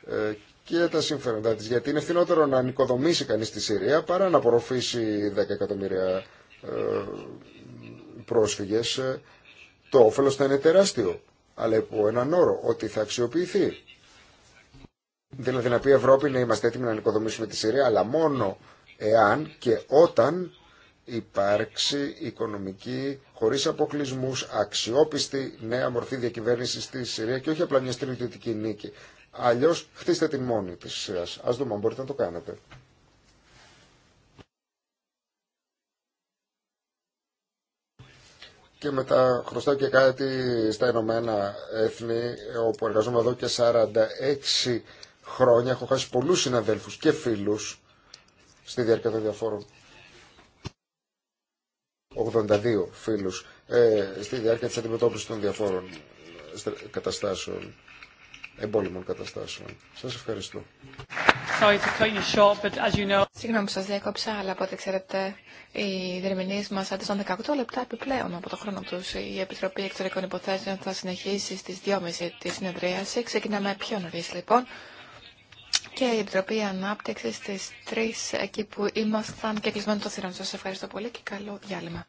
ε, και τα συμφέροντά της. Γιατί είναι φθηνότερο να νοικοδομήσει κανείς τη Συρία παρά να απορροφήσει 10 εκατομμύρια ε, πρόσφυγες. Ε, το όφελος θα είναι τεράστιο, αλλά υπό έναν όρο, ότι θα αξιοποιηθεί. Δηλαδή να πει η Ευρώπη να είμαστε έτοιμοι να νοικοδομήσουμε τη Συρία, αλλά μόνο εάν και όταν υπάρξει οικονομική, χωρί αποκλεισμού αξιόπιστη νέα μορφή διακυβέρνηση στη Συρία και όχι απλά μια στρατιωτική νίκη. Αλλιώ χτίστε την μόνη τη Συρία. Α δούμε αν μπορείτε να το κάνετε. και μετά χρωστάω και κάτι στα Ηνωμένα Έθνη, όπου εργαζόμαι εδώ και 46 χρόνια. Έχω χάσει πολλούς συναδέλφους και φίλους στη διάρκεια των διαφόρων 82 φίλους ε, στη διάρκεια της αντιμετώπισης των διαφόρων ε, καταστάσεων, εμπόλεμων καταστάσεων. Σας ευχαριστώ. Συγγνώμη που σας διακόψα, αλλά από ό,τι ξέρετε, οι δερμηνείς μας άντεσαν 18 λεπτά επιπλέον από το χρόνο τους. Η Επιτροπή Εξωτερικών Υποθέσεων θα συνεχίσει στις 2.30 τη συνεδρίαση. Ξεκινάμε πιο νωρίς λοιπόν και η Επιτροπή Ανάπτυξη στι 3 εκεί που ήμασταν και κλεισμένο το θηρόν. Σα ευχαριστώ πολύ και καλό διάλειμμα.